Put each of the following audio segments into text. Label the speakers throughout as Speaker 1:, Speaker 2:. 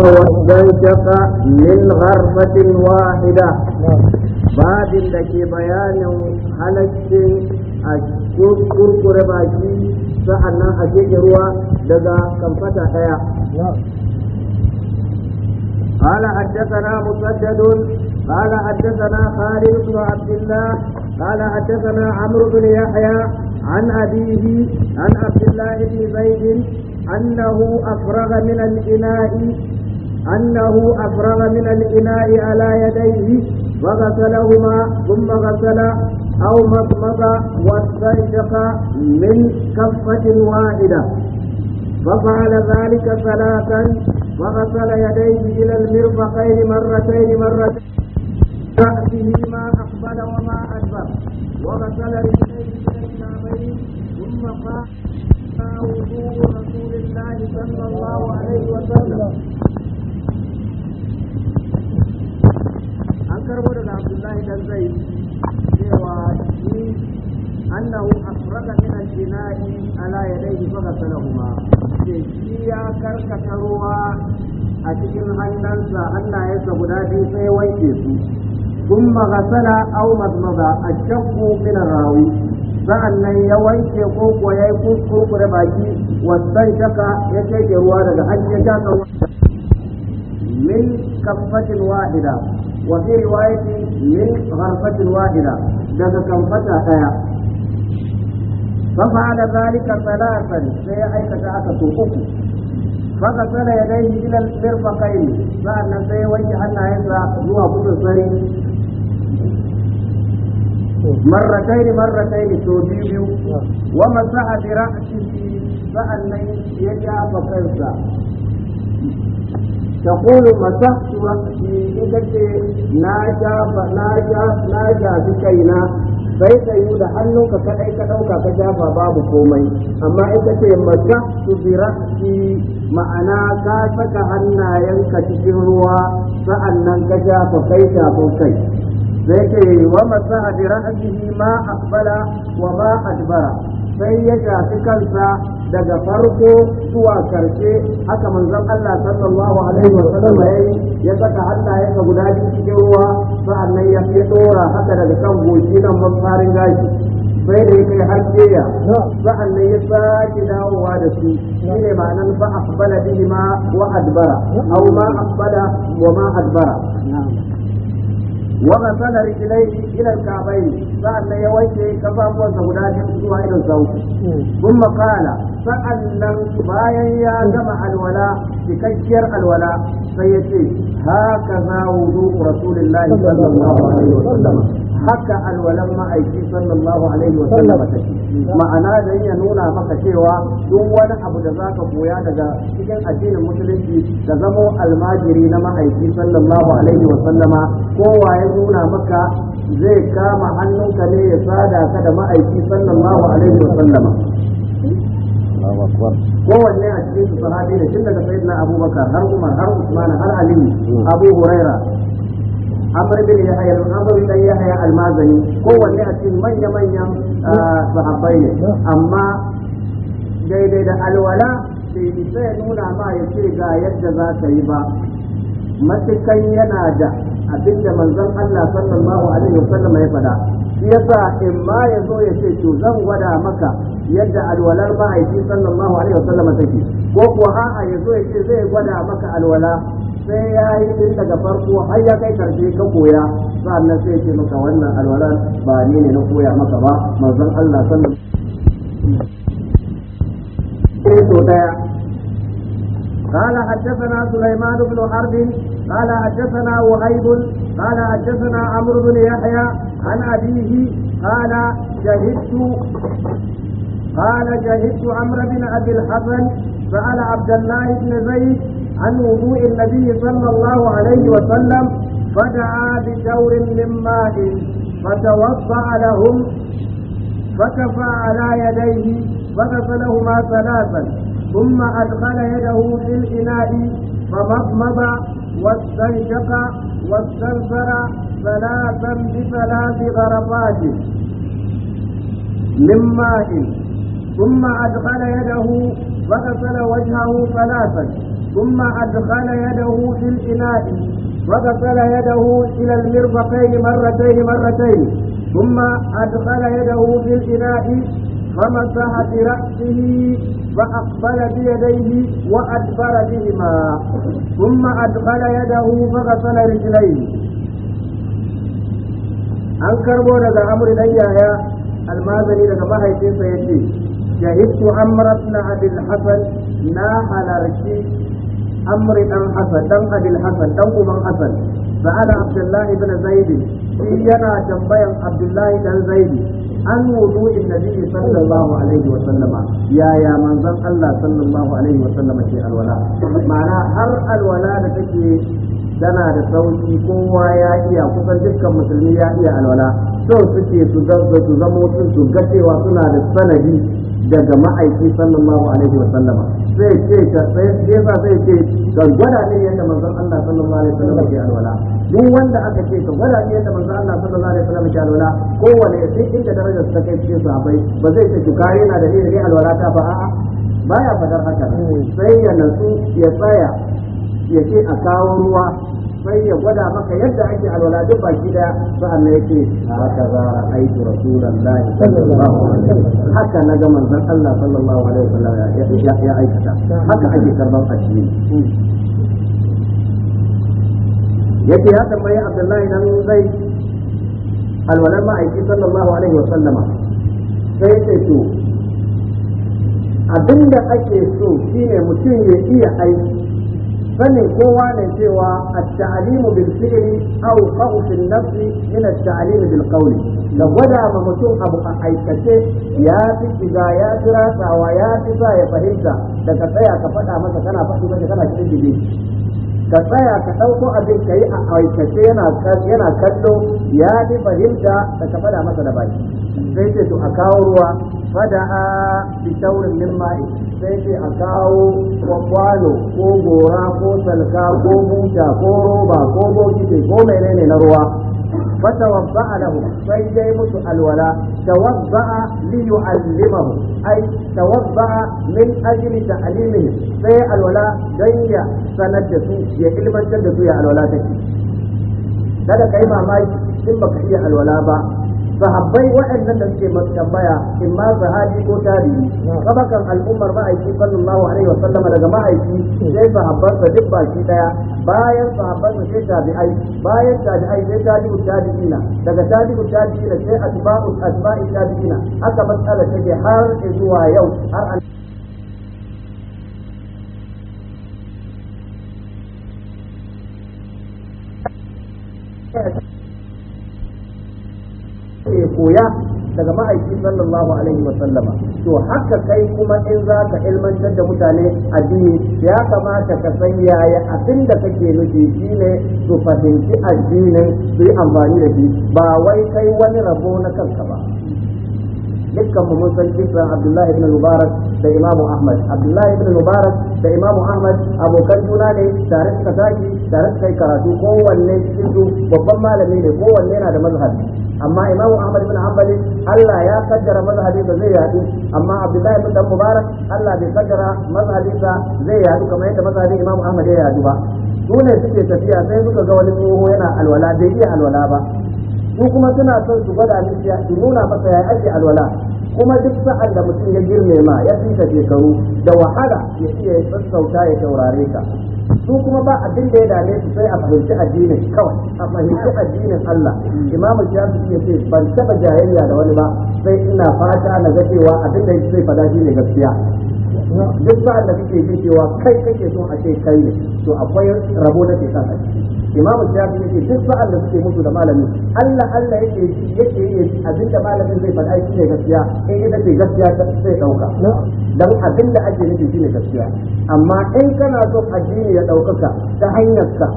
Speaker 1: واستنشق من غرفة واحدة باب لكي بيان حلقة أشكر كرباكي سحنا أجيك روا لذا كم فتح قال حدثنا مسدد قال حدثنا خالد بن عبد الله قال حدثنا عمرو بن يحيى عن أبيه عن عبد الله بن زيد أنه أفرغ من الإناء أنه أفرغ من الإناء على يديه وغسلهما ثم غسل أو مضمض واستنشق من كفة واحدة ففعل ذلك ثلاثا وغسل يديه إلى المرفقين مرتين مرتين رأسه ما أقبل وما أدبر وغسل رجليه إلى الكعبين ثم قال وضوء رسول الله صلى الله عليه وسلم an karbo daga abdullahi dan zai cewa shi annahu asraka min al-jina'i ala yadayhi fa ghasalahuma ce shi ya karkata ruwa a cikin hannunsa sa guda biyu sai wanke su ثم a أو مضمض الشق من الراوي sa'annan ya wanke ko ko ya baki wasan shaka ya take ruwa daga hanyar shaka من كفة واحدة وفي رواية من غرفة واحدة daga كفة ɗaya ففعل ذلك ثلاثا سي aikata aka so فغسل يديه إلى المرفقين فان سي وجه أن يسرى هو كل سري مرتين مرتين توبيبي ومسح برأسه فان يجعل فكنسا
Speaker 2: تقول مسحت
Speaker 1: وحشي كتي ناجا ناجا ناجا بكينا sai ka yi da hannunka kadai ka dauka ka shafa babu komai amma ita ce maka su biraki ma'ana ka saka hannayenka cikin ruwa nan ka shafa kai shafin kai sai ke wa masa bi ra'sihi ma aqbala wa ma adbara sai ya shafi kansa daga farko zuwa karshe haka manzon Allah sallallahu alaihi wa sallam yayi ya saka ka guda biyu cikin ruwa sa'annan ya fi dora haka daga kan goshi nan mafarin gashi sai da ya kai har keya sa'annan ya sake dawowa da su Shi ne ma'anar fa aqbala bihi ma wa adbara aw ma aqbala wa ma adbara waka sana rikilai ilan kabai sa'an ya wanke kafafuwansa guda biyu zuwa irin sau kun makala sa'an nan bayan ya gama alwala cikakkiyar alwala sai ya ce haka za wudu rasulullahi sallallahu alaihi wasallam haka alwalan ma'aiki sallallahu alaihi wasallam take ma'ana da ya nuna maka cewa duk wani abu da zaka koya daga cikin addinin musulunci da zamo almajiri na ma'aiki sallallahu alaihi wasallama kowa ya nuna maka zai kama hannunka ne ya sada ka da ma'aiki sallallahu alaihi wasallama
Speaker 2: kowanne
Speaker 1: a cikin su sahabi ne tun daga sayyidina abubakar har umar har usman har ali mm. abu huraira amr bin yahya amr bin yahya almazani kowanne a cikin manya manyan uh, sahabbai ne mm. amma daidai da alwala bai sai nuna ma ya ce ga yadda za ka yi ba matukan yana da abinda manzon Allah sallallahu alaihi wasallam ya faɗa yasa in ma ya zo ya ce to zan gwada maka yadda alwalar mahaifi sallallahu alaihi wasallam take ko kuwa a'a ya zo ya ce zai gwada maka alwala sai ya yi daga farko har ya kai karshe ka koya sannan sai ce maka wannan alwalar ba ni ne na koya maka ba manzon Allah sallallahu alaihi wasallam قال حدثنا سليمان بن حرب قال حدثنا وهيب قال حدثنا عمرو بن يحيى عن أبيه قال شهدت قال شهدت عمرو بن أبي الحسن سأل عبد الله بن زيد عن وضوء النبي صلى الله عليه وسلم فدعا بدور من ماء فتوضأ لهم فكفى على يديه فغسلهما ثلاثا ثم أدخل يده في الإناء فمضمض واستنشق واستنفر ثلاثا بثلاث غرفات من ماء ثم أدخل يده فغسل وجهه ثلاثا ثم أدخل يده في الإناء فغسل يده إلى المرفقين مرتين مرتين ثم أدخل يده في الإناء فمسح برأسه فأقبل بيديه وأدبر بهما ثم أدخل يده فغسل رجليه an karbo daga amri dan yaya almazani daga mahaifinsa ya ce shahidtu amrat na abil hasan na halarci amri dan hasan dan abil hasan dan uban hasan sa'ala abdullahi ibn zaidi. shi yana tambayan abdullahi dan zaidi. an wudu'in nabi sallallahu alaihi wa sallama yaya manzon Allah sallallahu alaihi wa sallama ke alwala ma'ana har alwala da take tana da sauki kowa ya iya kusan dukkan musulmi ya iya alwala so suke su zamo sun su ga cewa suna da sanadi daga ma'aiki sallallahu alaihi wa sallama zai ce ka tsaye sai ba zai ce ka gwada ne yadda manzon Allah sallallahu alaihi wasallam ke alwala duk wanda aka ce ka gwada ne yadda manzon Allah sallallahu alaihi wasallam ke alwala kowane ya ce inda darajar ta kai cikin sahabbai ba zai ce to kare na da ne ne alwala ta ba a'a baya fadar haka sai ya nasu ya tsaya ya ce a kawo ruwa sai ya gwada maka yadda ake alwala duk baki daya sa'an nan yake haka za aitu rasulullahi sallallahu alaihi wasallam haka na ga manzon Allah sallallahu alaihi wasallam ya ya aikata haka ake karban addini yake ya tambayi Abdullahi nan zai alwalar ma'aiki sallallahu alaihi wasallama sai ya ce to abinda ake so shine mutum ya iya aiki sanin kowa ne cewa at-ta'limu bil fi'li aw qaw fi an min talimi bil qawli da gwada ma mutum abu a aikace ya fi shiga ya fi rasawa ya fi sa ya fahimta ka tsaya ka faɗa masa kana faɗi masa kana kirkiri ka tsaya ka ɗauko abin ka yi a aikace yana kallo ya fi fahimta da ka faɗa masa da baki sai ce to a kawo ruwa fada'a fi shaurin min sai ce a kawo ko ko gora ko salka ko buta ko roba ko bokiti ko menene na ruwa fatawabba'a lahu sai dai musu alwala tawabba'a li yu'allimahu ai tawabba'a min ajli ta'limihi sai alwala don ya sanar da su ya ilmantar da su ya alwala take kada kai mamaki in baka iya alwala ba sahabbai waɗannan da suke masu tambaya in ma sahabi ko tarihi sabakan al'ummar ma'aiki sallallahu alaihi wa sallama daga ma'aiki sai sahabban sa duk baki daya bayan sahabban sa sai tabi'ai bayan tabi'ai sai tabi'u tabi'ina daga tabi'u tabi'ina sai asba'u asba'i tabi'ina haka matsala take har zuwa yau har Yeah. ke koya daga ma'aiki sallallahu alaihi wasallama to haka kai kuma in za ka ilmantar da mutane addini ya kamata ka san yaya abin da kake nufi shine su fahimci addinin su yi amfani da shi ba wai kai wani rabo na kanka ba dukkan mu mun san kisan Abdullah ibn Mubarak da Imam Ahmad Abdullah ibn Mubarak da Imam Ahmad abokan juna ne tare suka tashi tare karatu kowanne cikin su babban malami ne kowanne yana da mazhabi amma Imam Ahmad ibn Hanbal Allah ya kaddara mazhabi da zai yadu amma Abdullah ibn Mubarak Allah bai kaddara mazhabi sa zai yadu kamar yadda mazhabin Imam Ahmad ya yadu ba su ne suke tafiya sai suka ga wani tsoho yana alwala bai iya alwala ba su kuma suna son su gwada mishi su nuna masa ya ake alwala kuma duk sa'an da mutum ya girme ma ya fi ka shekaru da wahala ya iya ya sassauta ya taurare ka su kuma ba abin da ya dame su sai a fahimci addinin kawai a fahimci addinin Allah imam Shafi'i ya ce ban taba jayayya da wani ba sai ina fata na ga cewa abin da zai fada shi ne gaskiya duk sa'an da kake jin cewa kai kake so a ce kai ne to akwai rabo da ke sa imam shafi yake duk sa'an da suke mutu da malami Allah Allah yake yake yi abin da malamin zai faɗa shi ne gaskiya in ya dace gaskiya sai ɗauka. dan abin da ake nufi shi ne gaskiya amma in kana so addini ya ɗaukaka ta hanyar ka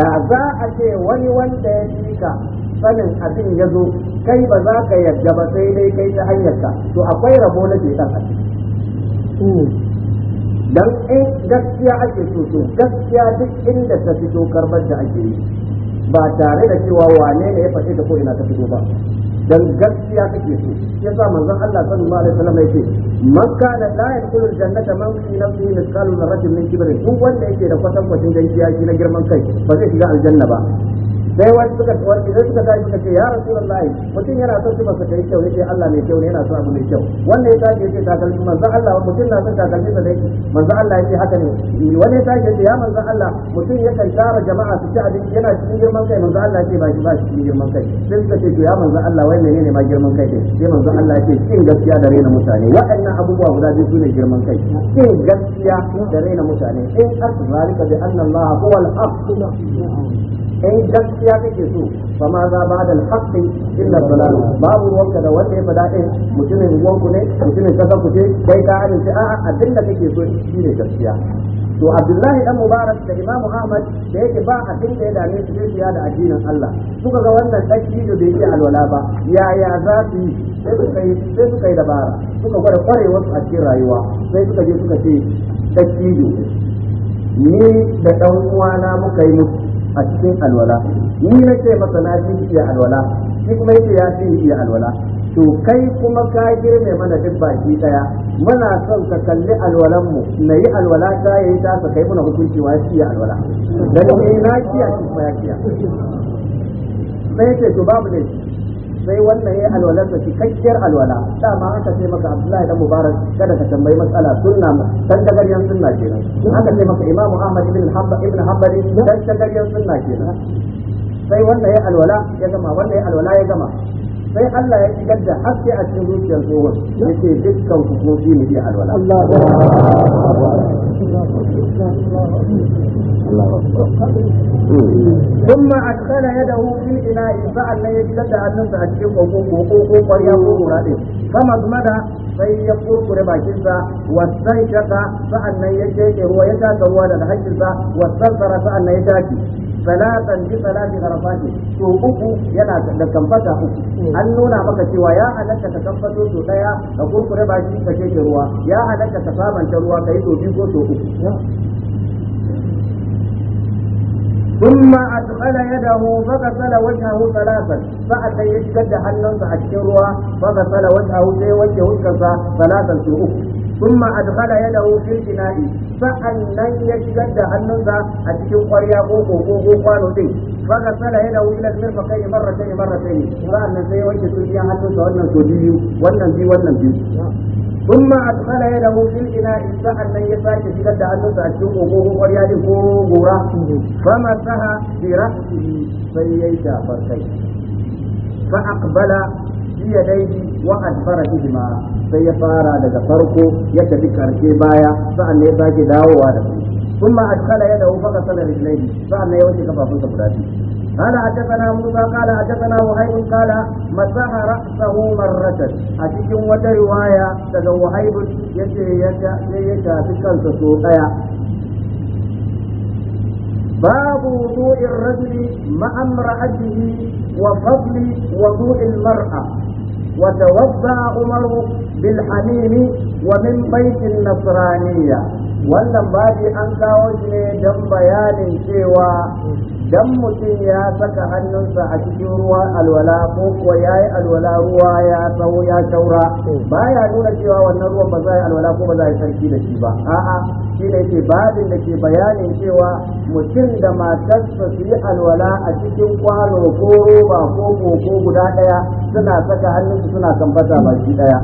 Speaker 1: da za a ce wani wanda ya fika sanin abin ya zo kai ba za ka yarda ba sai dai kai ta hanyar to akwai rabo na ke a ciki hmm. dan in eh, gaskiya ake so to gaskiya duk inda ta fito karbar da ake yi ba tare da cewa wane ne ya fashe ta ko ina ta fito ba dan gaskiya kake so ya yasa manzon Allah sallallahu alaihi wasallam yake makka da dai kullu jannata man fi nafsihi mithqalu dharratin min kibrin duk wanda yake da kwatankwacin kwatan gaskiya shi na girman kai ba zai shiga aljanna ba sai wasu suka warke sai suka tashi suka ce ya rasulullahi mutum yana son su basa kai kyau yace Allah mai kyau ne yana son abu mai kyau wanda ya tashi yace takalmi manzo Allah mutum na son takalmi da dai manzo Allah yace haka ne wani ya tashi yace ya manzo Allah mutum ya kan tara jama'a su ci abinci yana cikin girman kai manzo Allah yace ba shi ba shi cikin girman kai sai suka ce ya manzo Allah wai menene ma girman kai sai manzo Allah yace cin gaskiya da raina mutane waɗannan abubuwa guda biyu sune girman kai cin gaskiya da raina mutane in asrarika bi anna Allah huwa al-haq in eh, gaskiya kake so fa za ba da haƙƙi illa dalal babu wanka da wanda ya fada din mutumin wanku ne mutumin kasa ku ce kai ka amince a'a abin da kake so ne gaskiya to abdullahi dan mubarak da imamu ahmad da yake ba abin da ya dame su ne da addinin allah suka ga wannan daki da bai yi alwala ba yaya za su yi sai suka yi sai suka yi dabara suka gwada kwarewar a cikin rayuwa sai suka je suka ce daki ni da dan uwana muka yi musu a cikin alwala ni na ce masa na fi shi alwala shi kuma yake ya fi alwala to kai kuma ka girme mana duk baki daya muna son ka kalli alwalan mu na yi alwala ta yayi ta ka kai mana hukunci wa shi alwala dan ni na kiya shi ya kiya sai ce to babu ne sai wannan ya alwala ta cikakkiyar alwala dama aka ce maka Abdullahi dan Mubarak kada ka tambayi matsala sunna dan dagaryan sunna kenan in aka ce maka Imam Ahmad ibn Hanbal ibn Hanbali dan dagaryan sunna kenan sai wannan ya alwala ya gama wannan ya alwala ya gama sai Allah ya shigar da haske a cikin zuciyar tsohon yace dukkan ku kuma shi ne alwala ثم أدخل يده في إناء فأنا يجد أن تأتي وقوق قرية قرآن فمضمد sai ya kurkure bakinsa wasan shaka sa'annan ya sheke ruwa ya sha ruwa daga hankinsa wasan sara sa'annan ya salatan bi salati arafati to uku yana da kamfata uku an nuna maka cewa ya halatta ka kamfato to daya ka kurkure baki ka keke ruwa ya halatta ka sabanta ruwa kai to biyu ko to uku ثم أدخل يده فغسل وجهه ثلاثا فأتى يشكد حنن أشكرها فغسل وجهه سي وجهه ثلاثا في أخر ثم أدخل يده في الإناء فأنن يشجد أننزا أتكين قريا قوقو قوقو قانو دي فغسل يده إلى المرفقين مرتين مرتين وأن سيوجه سوجيا حتى وأن سوجيو وأن بي وأن بي ثم أدخل يده في الإناء فأنن يساك شجد أننزا أتكين قوقو قريا دي قوقورا فمسها برأسه فليشا فرقين فأقبل biyadaihi wa alfara bihima sai ya fara daga farko ya tafi karshe baya sa'an ne ya sake dawowa da su ثم أدخل يده فغسل رجليه فأنا يوجه كفافه سبلاتي قال حدثنا موسى قال حدثنا وهيب قال مسح رأسه مرة أتيك وترواية تدو وهيب يجي في كنس سوقيا باب وضوء الرجل مع امرأته وفضل وضوء المرأة Wata وتوفى عمر بالحميم ومن بيت النصرانية wannan babi an kawo shi ne don bayanin cewa dan mutum ya saka hannunsa a cikin ruwa alwala ko kuwa ya yi alwala ruwa ya tsawo ya nuna cewa wannan ruwan ba za yi alwala ko ba za yi sarki da shi ba a'a shi ne ke da ke bayanin cewa mutum da matarsa su yi alwala a cikin kwano ko roba ko koko guda ɗaya suna saka hannunsu suna kamfata baki daya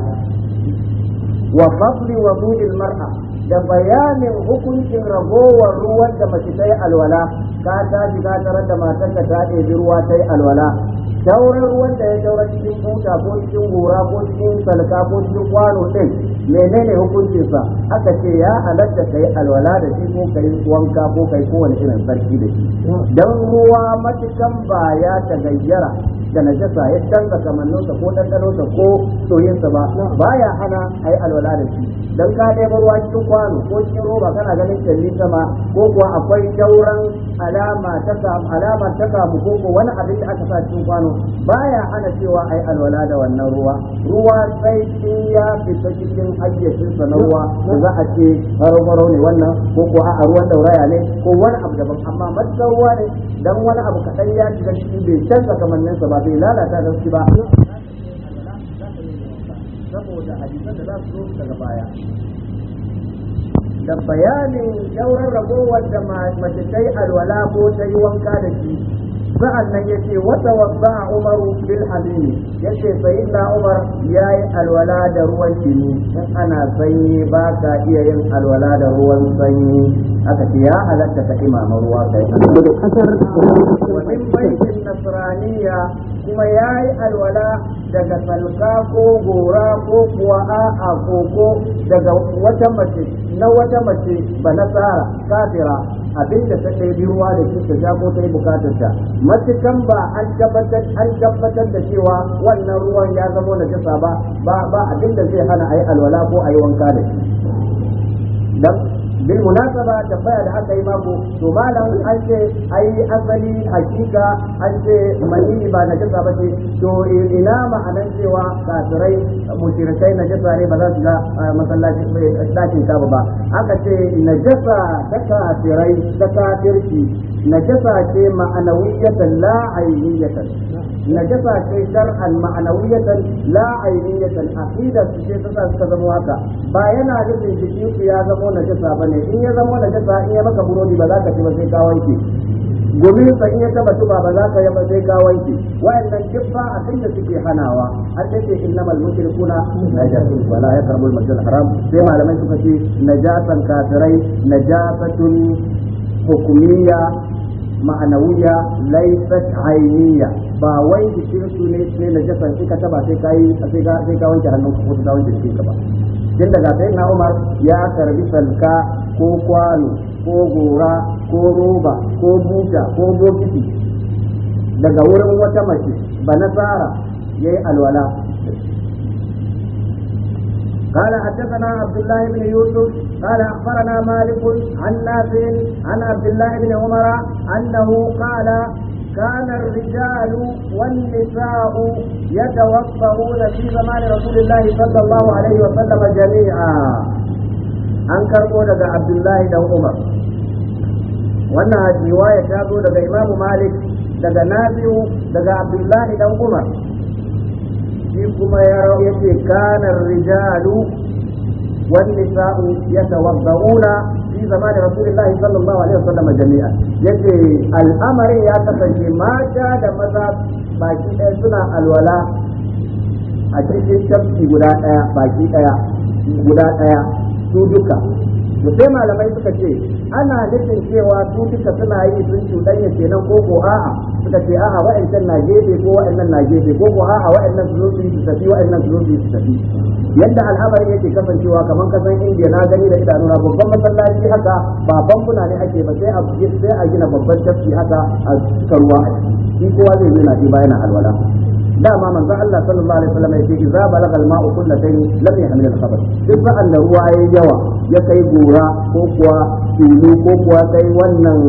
Speaker 1: wa fadli mar'a da bayanin hukuncin ragowar ruwan da mace tayi alwala ka ta shiga tare da ka ta ɗebi ruwa tayi alwala sauran ruwan da ya saura cikin buta ko cikin gora ko cikin salka ko cikin kwano ɗin menene hukuncin sa? aka ce ya halatta ka alwala da shi ko ka wanka ko kai kowane irin sarki da shi don ruwa matukan baya ta gayyara. da najasa ya canza kamanninsa ko ɗanɗanonsa ko soyinsa ba baya hana a yi alwala da shi dan ka ɗebo barwa cikin kwano ko cikin roba kana ganin kalli sama ko kuwa akwai dauran alama ta alama ta ko ko wani abin da aka sa cikin kwano baya hana cewa a yi alwala da wannan ruwa ruwa sai in ya fita cikin hayyacinsa na ruwa da za a ce haro ne wannan ko ko a ruwan dauraya ne ko wani abu daban amma matsar ruwa ne dan wani abu kaɗan ya shiga cikin bai canza kamanninsa ba ba bai lalata da shi ba
Speaker 2: saboda hadisan da za su zo
Speaker 1: daga baya da bayanin yauran ragowar da mace ta yi alwala ko ta yi wanka da shi sa'an nan ya ce wata a umaru bil halin ya ce sayi na umar ya yi alwala da ruwan jini in ana sanyi ba ka iya yin alwala da ruwan sanyi aka ce ya halatta ka imama ruwa kai daga kasar nasraniya kuma ya yi alwala daga salka ko gora ko kuwa a'a koko daga wata mace na wata mace ba na tsara kafira abinda ta kai ruwa da shi ta sha ko ta yi bukatarta matukan ba an tabbatar da cewa wannan ruwan ya zama na jasa ba ba abinda zai hana a yi alwala ko a yi wanka da shi bil munasaba tambaya da aka yi mako to malam an ce ai asali hakika an ce mani ba na jasa ba ce to eh, ina ma'anan cewa kafirai mushrikai na jasa ne ba za su ga eh, masallaci dakin eh, ba aka ce najasa ta kafirai ta kafirci najasa ce ma'anawiyatan la ainiyatan najasa ce shar'an ma'anawiyatan la ainiyatan aqida su ce ta suka zama haka ba yana nufin jiki ku ya zama najasa bane in ya zama najasa in ya maka burodi ba za ka ci ba sai ka wanke gumin sa in ya taba tuba ba za ka yaba sai ka wanke wayannan kibba a kan da suke hanawa har sai ce innamal mushrikuna najasun wa la al masjid haram sai malamai suka ce najasan kafirai najasatun hukumiyya ma'anawiya laifat hainiya ba wai shirku ne ne na jasa sai ka taba sai ka sai sai ka wanke hannun ka ko ta wanke jikin ka ba tun daga sai na Umar ya karbi salka ko kwano ko gora ko roba ko buta ko bokiti daga wurin wata mace ba nasara yayi alwala قال حدثنا عبد الله بن يوسف قال أخبرنا مالك عن نافع عن عبد الله بن عمر أنه قال كان الرجال والنساء يتوفرون في زمان رسول الله صلى الله عليه وسلم جميعا أنكر قولة عبد الله بن عمر wannan riwaya ta zo daga imamu malik daga nafi'u daga abdullahi dan umar shi kuma ya ce kanar rijalu والنساء يتوضؤون في زمان رسول الله صلى الله عليه وسلم جميعا يجي الأمر يا تفجي ما شاء مذهب باقي سنة الولاء أجيب شبكي غدا باقي غدا ايا duka sai malamai لما ce ana nufin cewa su duka suna yi sun cuɗanya kenan ko ko a'a suka ce a'a wa'ancan na gefe ko wa'annan na gefe ko ko a'a wa'annan su zo su yi su tafi wa'annan su zo su yi su tafi yadda al'amari yake kasancewa kamar kasan indiya na gani da idanuna babban masallaci haka ba bankuna ne ake ba sai a sai a gina babban tafki haka a cika ruwa a ciki shi kowa zai zo na ji bayan alwala dama manzo Allah sallallahu alaihi wasallam yace idza balagha al-ma'u kullatayn lam yahmil al-khabath duk sa'an da ruwa yayi yawa ya kai gora ko kuwa tulu ko kuwa sai wannan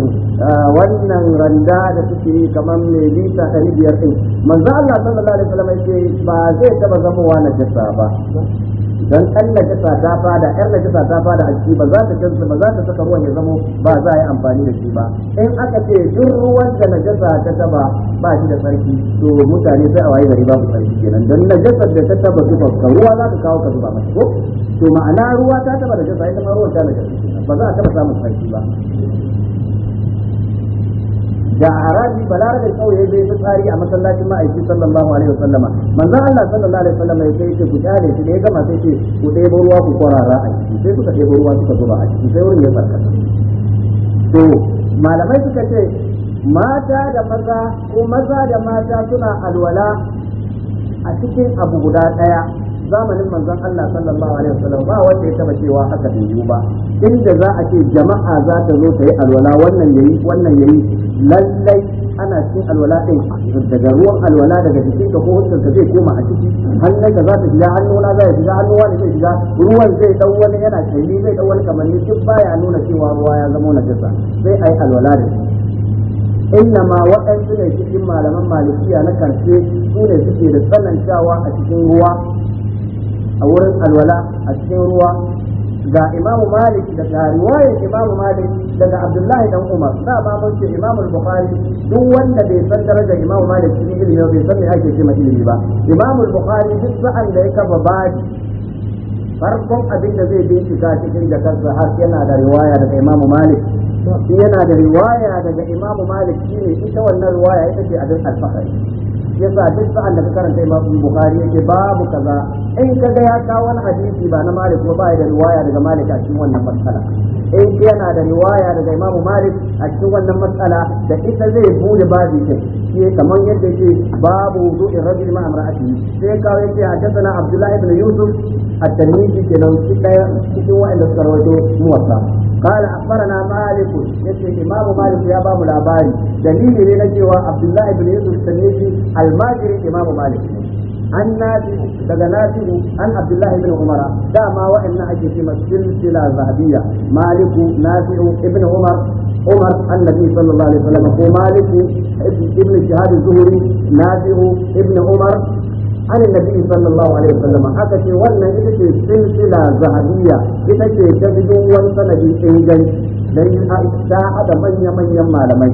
Speaker 1: wannan randa da suke yi kamar mai lita ɗari biyar ɗin manzo Allah sallallahu alaihi wasallam yake ba zai taɓa zamowa najasa ba dan ɗan najasa ta fada ɗan najasa ta fada a ciki ba za ta canza ba za ta saka ruwan ya zamo ba za a yi amfani da shi ba in aka ce duk ruwan da najasa ta taba ba shi da tsarki to mutane sai a waye gari ku sarki kenan dan najasa da ta taba zuba ka ruwa za ka kawo ka zuba mata ko to ma'ana ruwa ta taba najasa ita ma ruwan ta najasa ba za a taba samun tsarki ba da arabi balarabe kauye zai ta tsari a masallacin ma'aiki sallallahu alaihi wasallama manzo Allah sallallahu alaihi wasallama ya ce ku tare shi da ya gama sai ce ku ɗebo ruwa ku kwarara a ciki sai kuka ɗebo ruwa suka zuba a ciki sai wurin ya farka to malamai suka ce mata da maza ko maza da mata suna alwala a cikin abu guda ɗaya zamanin manzon Allah sallallahu alaihi wasallam ba wanda ya taba cewa haka bai yi ba inda za a ce jama'a za ta zo ta yi alwala wannan yayi wannan yayi lallai ana cikin alwala ɗin daga ruwan alwala daga jikin ka ko hutun zai koma a ciki hannun ka za ta shiga hannuna za ya shiga hannuwa ne zai shiga ruwan zai ɗau wani yana shani zai dau wani kamanni duk baya nuna cewa ruwa ya zama jasa, sai ai alwala da shi inna ma waɗansu ne cikin malaman malikiya na karshe su ne suke da tsanantawa a cikin ruwa a wurin alwala a cikin ruwa ga imamu malik daga riwayar imamu malik daga abdullahi dan umar da ba mun ce imamu bukhari duk wanda bai san daraja imamu malik cikin ilimi bai san me ake ma ilimi ba imamu bukhari duk sa'an da ya kafa baji farkon abin da zai bincika cikin da kansa har yana da riwaya daga imamu yana da riwaya daga imamu malik ne ita wannan riwaya ita ce abin alfahari yasa duk sa'an da ka karanta Imam Bukhari yake babu kaza in ka ga ya kawo wani hadisi ba na Malik ba ya da riwaya daga Malik a cikin wannan matsala in yana da riwaya daga imamu Malik a cikin wannan matsala da ita zai bude babu ta shi kamar yadda yake babu wudu'i rajul ma imra'ati sai kawo yake hadathana Abdullah ibn Yusuf at-Tirmidhi kenan shi cikin wa'anda suka rawaito muwatta قال أخبرنا مالك يسمى إمام مالك يا باب الأباري دليل لنا جوا عبد الله بن يوسف السنيسي الماجري إمام مالك an nafi daga nafi'u an abdullahi ibn umara dama wa'annan ake ce silsila zahabiyya maliku nafi'u ibn umar umar annabi sallallahu alaihi wasallam ko maliku ibn shahab zuhri nafi'u ibn umar an nabi sallallahu alaihi wasallam aka ce wannan ita ce silsila zahabiya ita ce ta bidon wani sanadi inganci dan ta hada manya manyan malamai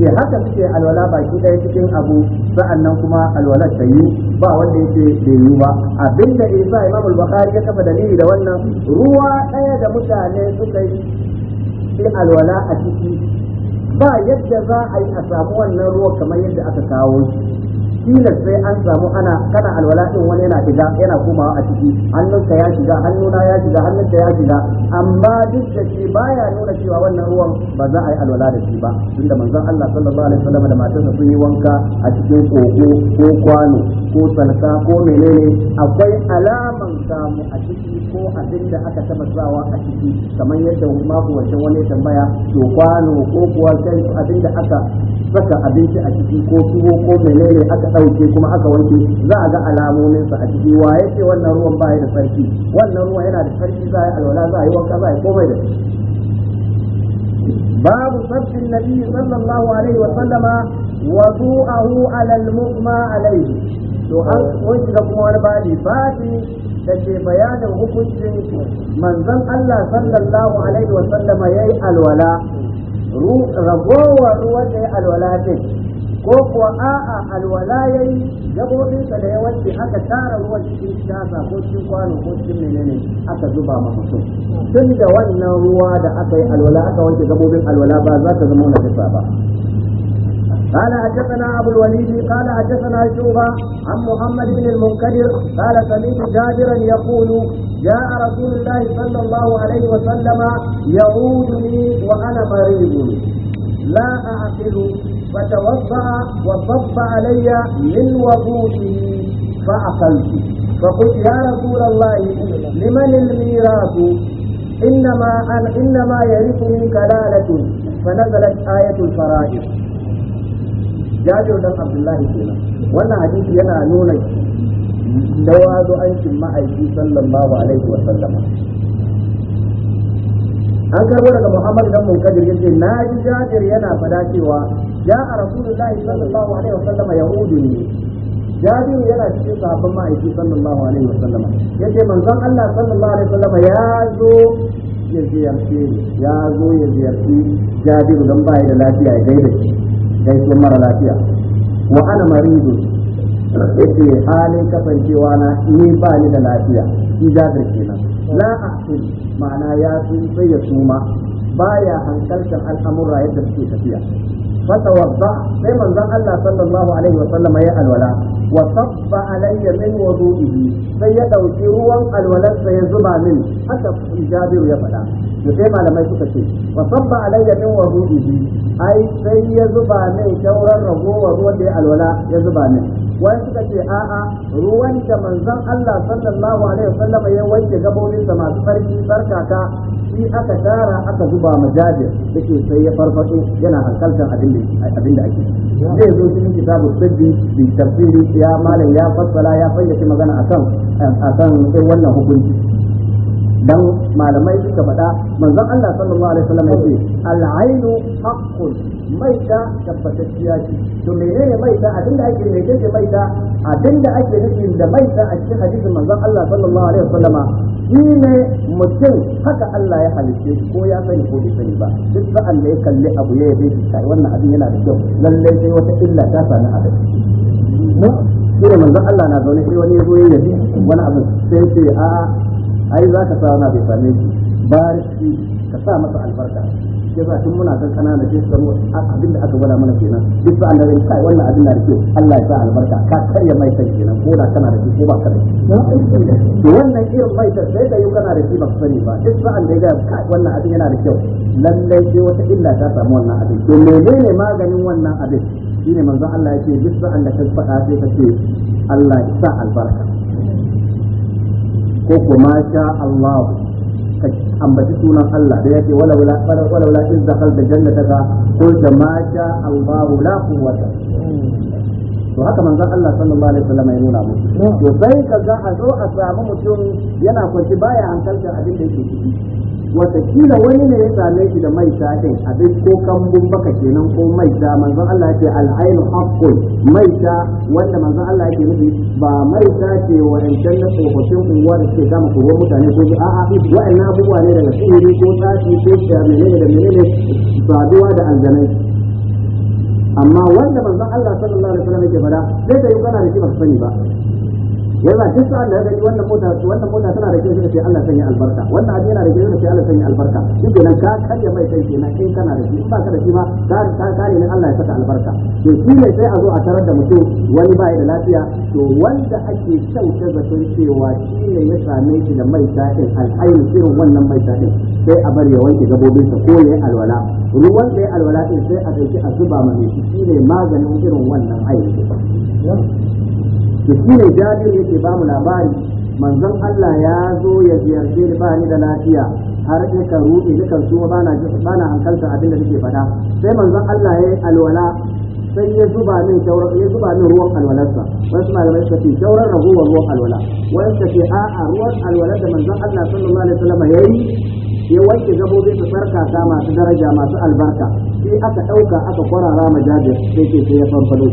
Speaker 1: ke haka suke alwala baki ɗaya cikin abu sa'annan kuma alwala ta yi ba wanda yake da yi ba abinda isa imam al-bukhari ya kafa dalili da wannan ruwa ɗaya da mutane suka yi alwala a ciki ba yadda za a yi a samu wannan ruwa kamar yadda aka kawo tilas sai an samu ana kana alwala din wani yana shiga yana komawa a ciki hannunka ya shiga hannuna ya shiga hannunka ya shiga amma duk da shi baya nuna cewa wannan ruwan ba za a yi alwala da shi ba tunda manzon Allah sallallahu alaihi wasallam da matarsa sun yi wanka a cikin koko ko kwano ko salka ko menene akwai alaman samu a ciki ko abin da aka taba zawa a ciki kamar yadda mako wancan wani tambaya to kwano ko kuwa kai abin da aka saka abinci a ciki ko tuwo ko menene aka dauke kuma aka wanke za a ga alamomin sa a ciki wa yace wannan ruwan ba da sarki wannan ruwan yana da sarki za a yi alwala za a yi wanka za a yi komai da babu sabbin النبي صلى الله wa وسلم وضوءه على المغمى عليه to an mun da kuma wani babi babi da ke bayanin hukuncin manzon Allah sallallahu alaihi wa sallama yayi alwala ragowar ruwan da ya alwala din ko kuwa a'a alwala yayi gabobinsa da ya wanke aka tara ruwan cikin shasa ko cikin kwano ko cikin menene aka zuba masa so tun da wannan ruwa da aka yi alwala aka wanke gabobin alwala ba za ta zama wani ba قال حدثنا ابو الوليد قال حدثنا شعبه عن محمد بن المنكدر قال سمعت جابرا يقول جاء رسول الله صلى الله عليه وسلم يعودني وانا مريض لا اعقل فتوضا وصب علي من وضوئي فاقلت فقلت يا رسول الله لمن الميراث انما انما يرثني كلاله فنزلت ايه الفرائض jabir dan abdullahi kenan wannan hadisi yana nuna dawazo aikin ma'aiki sallallahu alaihi wa sallama an karbo daga muhammad dan munkadir yace na ji jabir yana fada cewa ja'a rasulullahi sallallahu alaihi wa sallama yahudi ne jabir yana cikin sahabban ma'aiki sallallahu alaihi wa sallama yace manzon Allah sallallahu alaihi wa sallama ya zo ya ziyarce ya zo ya ziyarci jabir dan bai da lafiya ya gaida shi sai mara lafiya wa ana maridu yace halin kasancewa na ni ba ni da lafiya shi za ta kenan la ma'ana ya sun sai ya suma ba ya al'amura yadda suke tafiya fata wadda sai manzan Allah sallallahu alaihi wa sallama ya alwala wa tabba alayya min wudu'ihi sai ya dauki ruwan alwalarsa ya zuba min haka ijabi ya fada da sai malamai suka ce wa sabba alayya min wudu'ihi ai sai ya zuba min shauran ragowar ruwan da ya alwala ya zuba min wani suka ce a'a ruwan da manzon Allah sallallahu alaihi wasallam ya wanke gabobin sa masu tsarki tsarkaka shi aka tara aka zuba majajir dake sai ya farfaso yana hankaltar abin da ake zai zo cikin kitabu sabbi bi tafsiri ya malam ya fassala ya fayyace magana akan akan wannan hukunci dan malamai suka faɗa manzon Allah sallallahu alaihi wasallam ya ce al-ainu haqqun maita tabbatacciya ce to menene maita abinda ake nufi da maita abinda ake nufi da maita a cikin hadisi, manzon Allah sallallahu alaihi wasallama shine mutum haka Allah ya halice shi ko ya sani ko bai sani ba duk sa'an da ya kalli abu ya yabe shi kai wannan abin yana da kyau lalle sai wata illa ta sani a kai ne manzon Allah na zaune sai wani ya zo ya yabi wani abu sai ce a ai za ka sa wani bai same shi bariki ka sa masa albarka ke za tun muna kankana da ke sanu abinda aka gwada mana kenan duk sa'an da kai wannan abin da kyau Allah ya sa albarka ka karya mai kai kenan ko da kana da shi ko ba ka da shi to wannan irin mai ta sai da yau kana da shi ba sani ba duk sa'an da kai wannan abin yana da kyau lallai sai wata illa ta samu wannan abin to menene maganin wannan abin shine manzon Allah yake duk an da ka faɗa sai ka ce Allah ya sa albarka ko kuma sha Allah ka ambaci sunan Allah da yake wala wala wala wala in zakal da jannataka ko da ma sha Allah la quwwata to haka manzon Allah sallallahu alaihi wasallam ya nuna mu to sai ka ga a zo a samu mutum yana kwanci baya hankalta abin da yake ciki watakila wani ne ya same shi da mai shafin abin ko kambun baka kenan ko mai sha manzon Allah ya ce al'ainu haqqul mai sha wanda manzon Allah ya yake nufi ba mai sha ce wa yancan na tsofaffin unguwa da suke kama tsoron mutane ko a a wa'annan abubuwa ne daga sihiri ko tsafi ko da menene da menene saduwa da aljanai amma wanda manzon Allah sallallahu alaihi wasallam yake fada sai da yau kana da shi ba sani ba yana duk sa'an da gani wannan mota wannan mota tana da kyau sai Allah sanya albarka wannan abin yana da kyau sai Allah sanya albarka duk nan ka karya mai kai kenan in kana da shi in ka da shi ba ka ka kare ne Allah ya saka albarka to shi ne sai a zo a tarar da mutum wani bai da lafiya to wanda ake kyauta zaton cewa shi ne ya same shi da mai daɗin alhaini irin wannan mai daɗin sai a bari ya wanke gabobinsa ko ya yi alwala ruwan da ya alwala din sai a ɗauki a zuba mai shi ne maganin irin wannan aini to shi ne jabir yake ba mu labari manzon Allah ya zo ya ziyarce ni ba ni da lafiya har in ka ruɗe dukan su ba na ba na hankalta abin da faɗa sai manzon Allah ya yi alwala sai ya zuba min ya zuba min ruwan alwalarsa wasu malamai suka ce shaurar ragowar ruwan alwala Wani suka ce a'a ruwan alwala da manzon Allah sallallahu alaihi wasallam ya yi ya wanke gabobin su sarkata masu daraja masu albarka sai aka ɗauka aka kwarara majajir sai ke sai ya farfado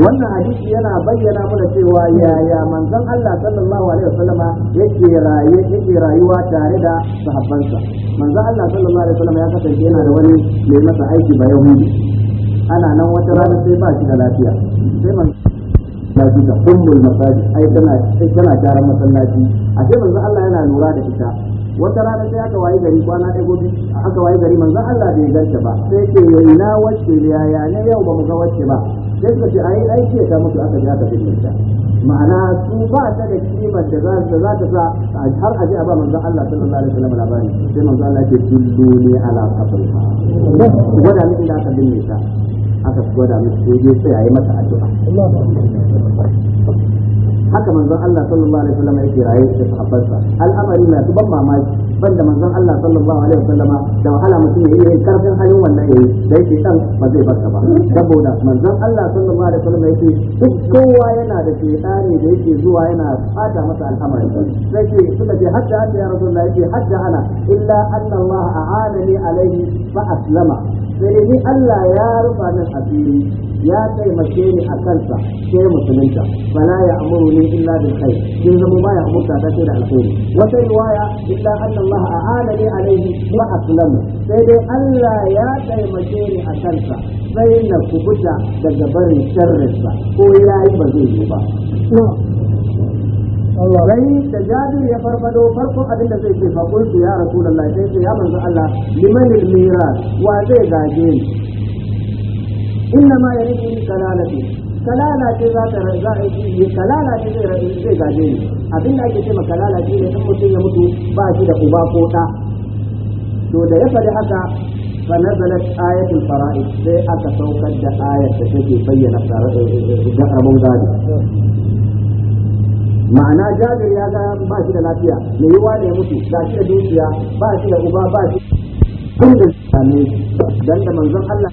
Speaker 1: wannan hadisi yana bayyana mana cewa yaya manzon Allah sallallahu alaihi wasallama yake raye yake rayuwa tare da sahabbansa manzon Allah sallallahu alaihi wasallama ya kasance yana da wani mai masa aiki ba yahudi ana nan wata rana sai ba shi da lafiya sai man lafi ta kullul masajid ai tana tana tare masallaci a sai manzon Allah yana lura da ita wata rana sai aka wayi gari kwana ɗaya gobe aka wayi gari manzon Allah bai ganta ba sai ce na wacce ya ne yau ba mu ga wacce ba sai suka ce a ai ce ta mutu aka ji aka fice ta ma'ana su ba ta da kimar da za ta za ta sa har aje a ba manzon Allah sallallahu alaihi wasallam labari sai manzon Allah ya tullu ne ala qabriha gwada miki da aka binne ta aka gwada min sai je sai a yi masa addu'a haka manzon Allah sallallahu alaihi wasallam yake raye da sahabbansa al'amari mai ban mamaki Banda da manzon Allah sallallahu alaihi wasallama da wahala mutum ya yi karfin hali wannan yayi eh, da yake dan ba zai barka ba saboda manzon Allah sallallahu alaihi wasallama yake duk kowa yana da shaytani da yake zuwa yana fata masa al'amari sai ke suna ce hatta hatta ya rasulullahi yake hatta ana illa anna Allah a'anani alaihi fa aslama sai ni Allah ya rufa nan asiri ya taimake ni a kansa sai musulunta Bala ya amuru ni illa bil khair sai zama ba ya amurta ta da alkhairi wata riwaya illa anna Allah a'adani alaihi wa aslamu sai dai Allah ya taimake ni a kansa sai na kubuta daga barin sharrinsa ko yayi ba zai yi ba rai da jabir ya farfado farko abin da zai ce fa qultu ya rasulullah sai ce ya manzo Allah liman al wa zai gaje ni inna ma yaridu kalalati kalala ce za ta raza a yi kalala ce zai rabu zai gaje ni abin da ake ce ma kalala ce ne in mutum ya mutu ba shi da uba ko ɗa to da ya faɗi haka fa nazalat ayatul fara'id sai aka saukar da ayat da take bayyana rabon gadi. ma'ana jabir ya ga ba shi da lafiya me yiwa ne mutu ga shi da dukiya ba shi da uba ba shi da da manzon Allah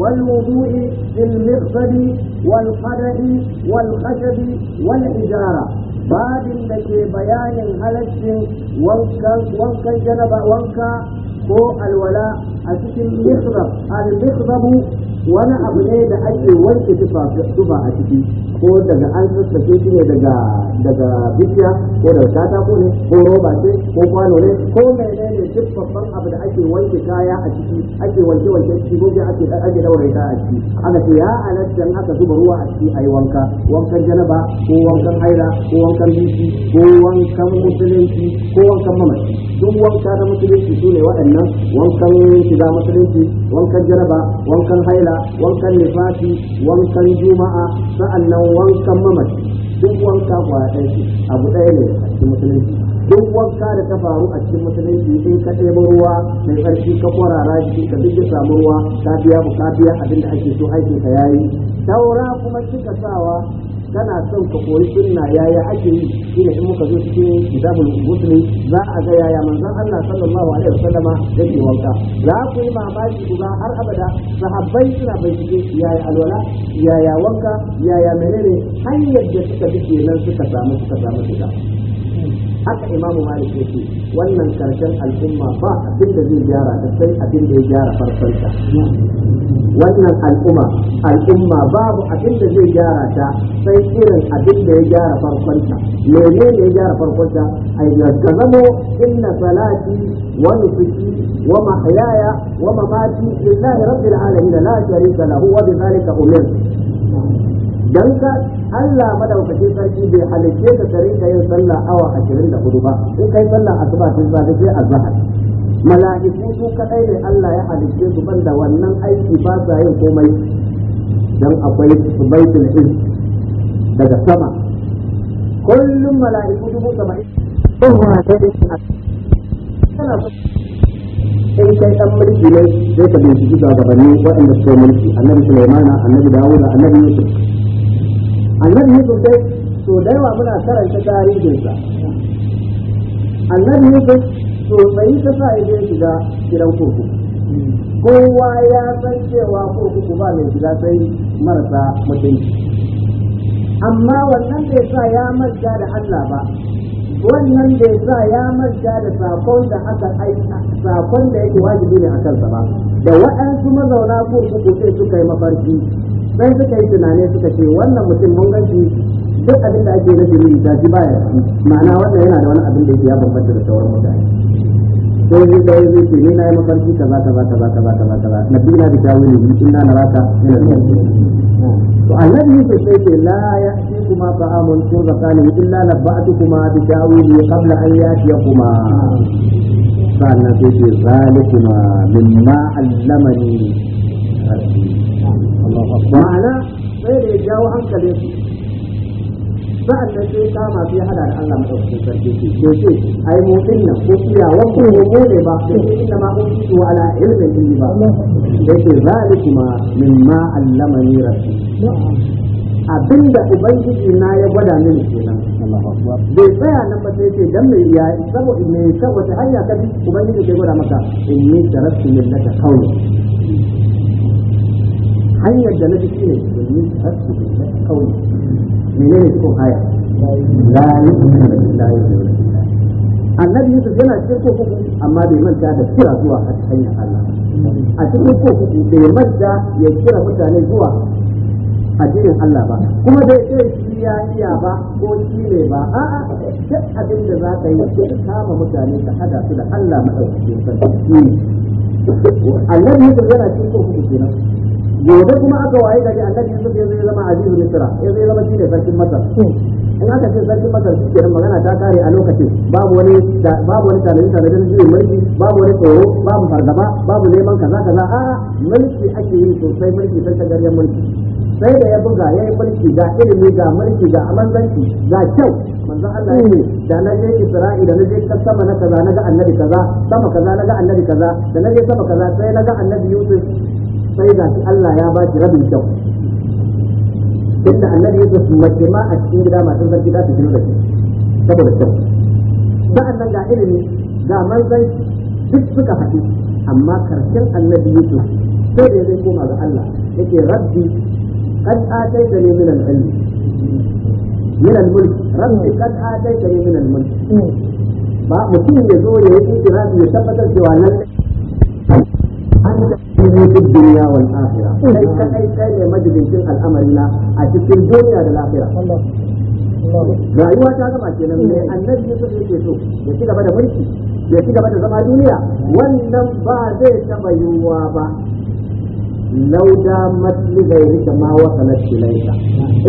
Speaker 1: والوضوء بالمغفر والقدر والخشب والحجارة باب لكي بيان هلس وانكا جنب وانكا ko alwala a cikin mihrab al wani abu ne da ake wanke tufa a ciki ko daga an sassafe shi ne daga bishiya ko daga katako ko ko duk abu da ake wanke kaya a ciki ake wanke wanke ciki gobe ake ake daure ta a ciki aka ce ya halatta in aka zuba ruwa a ciki ayi wanka wankan janaba ko wankan haira ko wankan biki ko wankan musulunci ko wankan mamaci duk wanka na musulunci su ne waɗannan wankan shiga musulunci wankan janaba wankan haila wankan nifasi wankan juma'a sa'annan wankan mamaci duk wanka kwaya ɗaya abu ɗaya ne a cikin musulunci duk wanka da ta faru a cikin musulunci in ka ɗebo ruwa mai ƙarfi ka kwarara jiki ka duk samu ruwa ka biya mu ka biya abin ake so aikin ka yayi taura kuma kika sawa kana son ka koyi sunna yaya ake yi shine in muka zo cikin kitabul muslim za a ga yaya manzon Allah sallallahu alaihi da yake wanka za ku yi mamaki ku ga har abada sahabbai suna bincike yaya alwala yaya wanka yaya menene hanyar da suka bi kenan suka samu suka samu suka haka imamu malik yake wannan karshen al'umma ba abin da zai gyara sai abin da ya gyara farkonta wannan al'umma al'umma babu abin da zai gyara ta sai irin abin da ya gyara farkonta mene ne ya gyara farkonta ai ka zamo inna salati wa nusuki wa mahayaya wa mamati lillahi rabbil alamin la sharika lahu wa bi dhalika umirtu dan ka Allah madaukakin sarki bai halicce ka kare ka yin sallah awa 24 ba in kai sallah asuba tun zafi sai azhar mala'iku su kadai ne Allah ya halicce su banda wannan aiki ba sa yin komai dan akwai baitul izz daga sama kullum mala'iku dubu saba'in kowa da kana In kai dan mulki ne sai ka binciki shugabanni waɗanda suke mulki annabi Sulaimana annabi Dawuda annabi Yusuf annabi yusuf dai so da yawa muna karanta tarihinsa annabi yusuf sosai ta sa ya je shiga gidan kurkuku kowa ya san cewa kurkuku ba mai shiga sai marasa mutunci amma wannan bai sa ya manta da Allah ba wannan bai sa ya manta da sakon da aka aika sakon da yake wajibi ne a kansa ba da waɗansu mazauna kurkuku sai suka yi mafarki sai suka yi tunani suka ce wannan mutum mun gan shi duk abin da ake rashin yi ta shi baya ma'ana wannan yana da wani abin da yake ya bambanta da sauran mutane sai zai sai zai ce ni na yi mafarki kaza kaza kaza kaza kaza kaza na bi na bi ta ne bi in na na raka ina da to annabi yake sai ce la ya shi kuma ta'amun tun zakani illa nabba'tukuma bi ta'wili kabla an yatiyakuma sannan sai ce zalikuma mimma allamani rabbi ma'ana sai da ya jawo hankalin su a nan sai kama sai hada da Allah madaukakin sarki ce ke ce ai mu din nan ko iyawan ku ne ko ne ba ko inda ma mun ci wa ala ilmin ilmi ba yace zaliki ma mimma allamani rabbi abinda ubangiji na ya gwada mini kenan bai tsaya nan ba sai ce dan mai iya saboda me saboda hanya ka ubangiji ke gwada maka In ni inni na ta qawli hanyar da na bi shi ne domin asu da kawai menene cikin haya la yu'minu billahi da yawmil annabi Yusuf yana cikin kuku amma bai manta da kira zuwa hanyar Allah a cikin kuku bai manta ya kira mutane zuwa addinin Allah ba kuma bai ce shi ya iya ba ko shi ne ba a'a duk abin da za ka yi ka kama mutane ka hada su da Allah madaukakin sarki annabi Yusuf yana cikin kurkuku kenan gobe kuma aka waye gari annabi Yusuf ya zai zama azizu misra ya zai zama ne sarkin masar in aka ce sarkin masar shi ke magana ta kare a lokacin babu wani babu wani tanadi tanadi na mulki babu wani tsoro babu fargaba babu neman kaza kaza a mulki ake yi sosai mulki sai shagariyar mulki sai da ya buga ya yi mulki ga ilimi ga mulki ga zanki ga kyau manzon Allah ne da na je Isra'i da na je sama na kaza na ga annabi kaza sama kaza na ga annabi kaza da na je sama kaza sai na ga annabi Yusuf sai ga shi Allah ya ba shi rabin kyau inda annabi yake su mace ma a cikin gida masu sarki za su ji da saboda kyau sa'an nan ga ilimi ga manzan duk suka haɗu amma karshen annabi yake sai da zai koma ga Allah yake rabbi qad ataitani min al-ilmi min al-mulk rabbi qad ataitani min al-mulk ba mutum ya zo ya yi ikirafi ya tabbatar cewa lallai الدنيا والآخرة كيف كيف مجلس الأمر لا أتكي الدنيا والآخرة rayuwa ta gaba kenan mai mm. annabi Yusuf yake so ya ci gaba da mulki ya ci gaba da zama duniya wannan ba zai taba yiwuwa ba lau da matli gairi da ma wasa na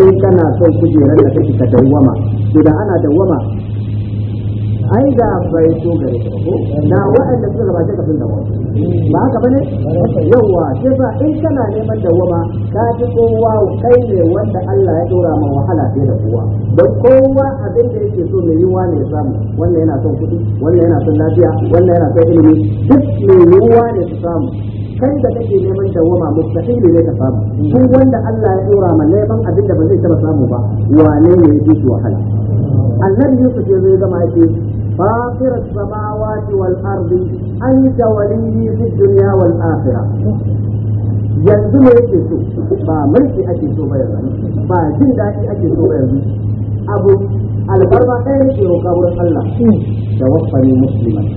Speaker 1: in kana son kujerar da kake ka dawwama idan ana dawwama ai da bai so gare Na ko waɗanda suka gabata kafin da wani ba haka bane yawa sai sa in kana neman dawama ka ji kowa kai ne wanda Allah ya dora ma wahala fiye da kowa don kowa abin da yake so mai yiwa ne ya samu wannan yana son kuɗi wannan yana son lafiya wannan yana son ilimi duk mai yiwuwa ne su samu kai da kake neman dawama mustahil ne ka samu duk wanda Allah ya dora ma neman abin da ba zai taba samu ba wane ne ya fi wahala annabi Yusuf ya zo ya gama yake فاطر السماوات والأرض أنت ولي في الدنيا والآخرة yanzu ne yake so ba mulki ake so ba yanzu ba jin daɗi ake so ba yanzu abu albarba ɗaya ne ke roƙa wurin Allah
Speaker 2: da wafani musulman.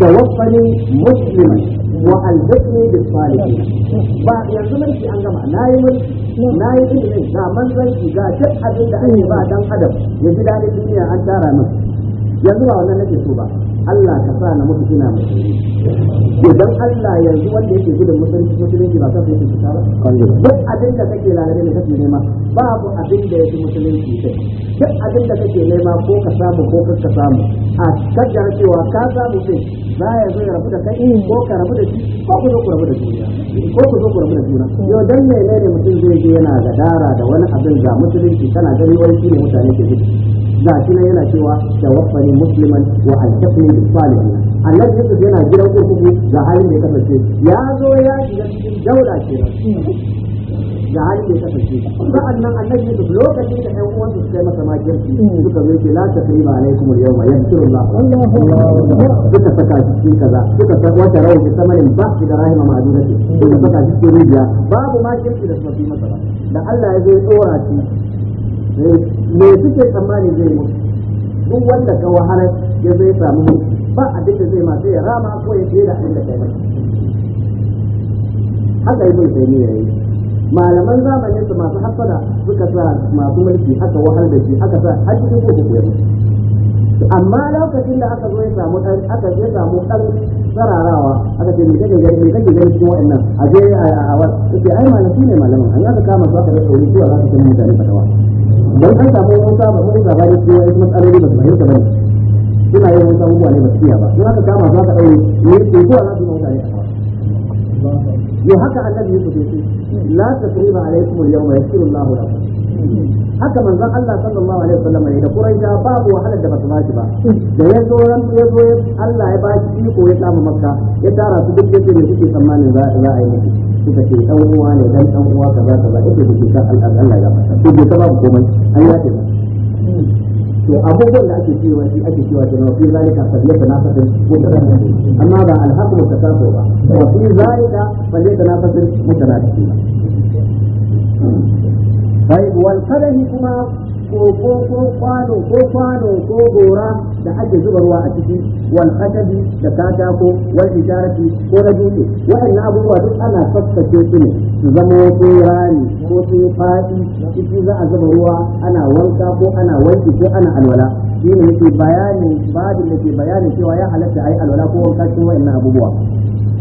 Speaker 1: da wafani musulman wa alhaqni bis salihin ba yanzu mulki an gama na yi mulki na yi ilimin ga manzanci ga duk abin da ake ba dan adam ya ji daɗin duniya an tara min yanzu ba wannan nake so ba Allah ka sa na mutu ina musulmi idan Allah yanzu wanda yake gudun musulunci musulunci ba kansa yake fita ba duk abin da kake lalace ne kake nema babu abin da yake musulunci sai duk abin da kake nema ko ka samu ko ka ka samu a kaddara cewa ka samu sai za ya zo ya rabu da kai ko ka rabu da shi ko ku zo ku rabu da juna ko ku zo ku rabu da juna yau dan menene mutum zai je yana gadara da wani abin ga musulunci kana gani wani shi ne mutane ke gudu ga shi yana cewa da wafani musliman wa alkafni na. annabi yusuf yana gidan kurkuku ga halin da ya kasance ya zo ya shiga cikin daura kenan da hali da ta fashe sa'an nan annabi ya lokacin da ɗan uwan suka yi masa makirci suka zo yake la ta ba alaikum al yawma yaghfiru Allah suka saka cikin kaza suka saka wata rawa ta samanin ba shi da rahima suka saka cikin rijiya babu makirci da suka masa ba da Allah ya zo ya shi eh, me suke tsammani zai mutu duk wanda ka wahalar ya zai samu ba abin da zai ma sai ya rama ko ya fiye da abin da kai mai haka yi mun sai ya yi malaman zamanin su masu hasada suka sa masu mulki haka wahal da shi haka sa har cikin ko ya amma lokacin da aka zo ya samu dan aka ya samu dan sararawa aka ce me kake gani me kake gani cikin wa'annan a je a wa sai ai malamin ne malamin an aka kama su aka rasa wuri zuwa za su kuma mutane fatawa dan an samu mun samu mun sabani cikin wa'annan matsaloli ba su fahimta ba suna yin wasu abubuwa ne ba su iya ba in aka kama za ka ɗaure ne ke kuwa za su yi mutane yau haka annabi yusuf ya ce la tasriba alaikum al-yawma yaghfiru Allahu lakum haka manzon Allah sallallahu alaihi wasallam ne da Qurayza babu wahalar da ba su ba shi ba da ya zo ran ya zo Allah ya ba shi iko ya kama Makka ya tara su duk yace ne suke tsammanin za a yi miki suka ce dan uwa ne dan dan uwa kaza kaza yake suke kan Allah Allah ya fata to bai babu komai an ya ce To abubuwan da ake cewa shi ake cewa da wafi zalika falle da nafasin mutarafi amma ba alhaku ba kasaso ba to zalika falle da nafasin mutarafi طيب والقدم كما ko ko kwano ko kwano ko gora da ake zubarwa a ciki wal da katako wal ijarati ko da dutse waɗannan abubuwa duk ana sassace su ne su zama ko rani ko su fadi ciki za a zuba ruwa ana wanka ko ana wanki ko ana alwala shi ne yake bayanin babin da ke bayanin cewa ya halatta ai alwala ko wanka cikin waɗannan abubuwa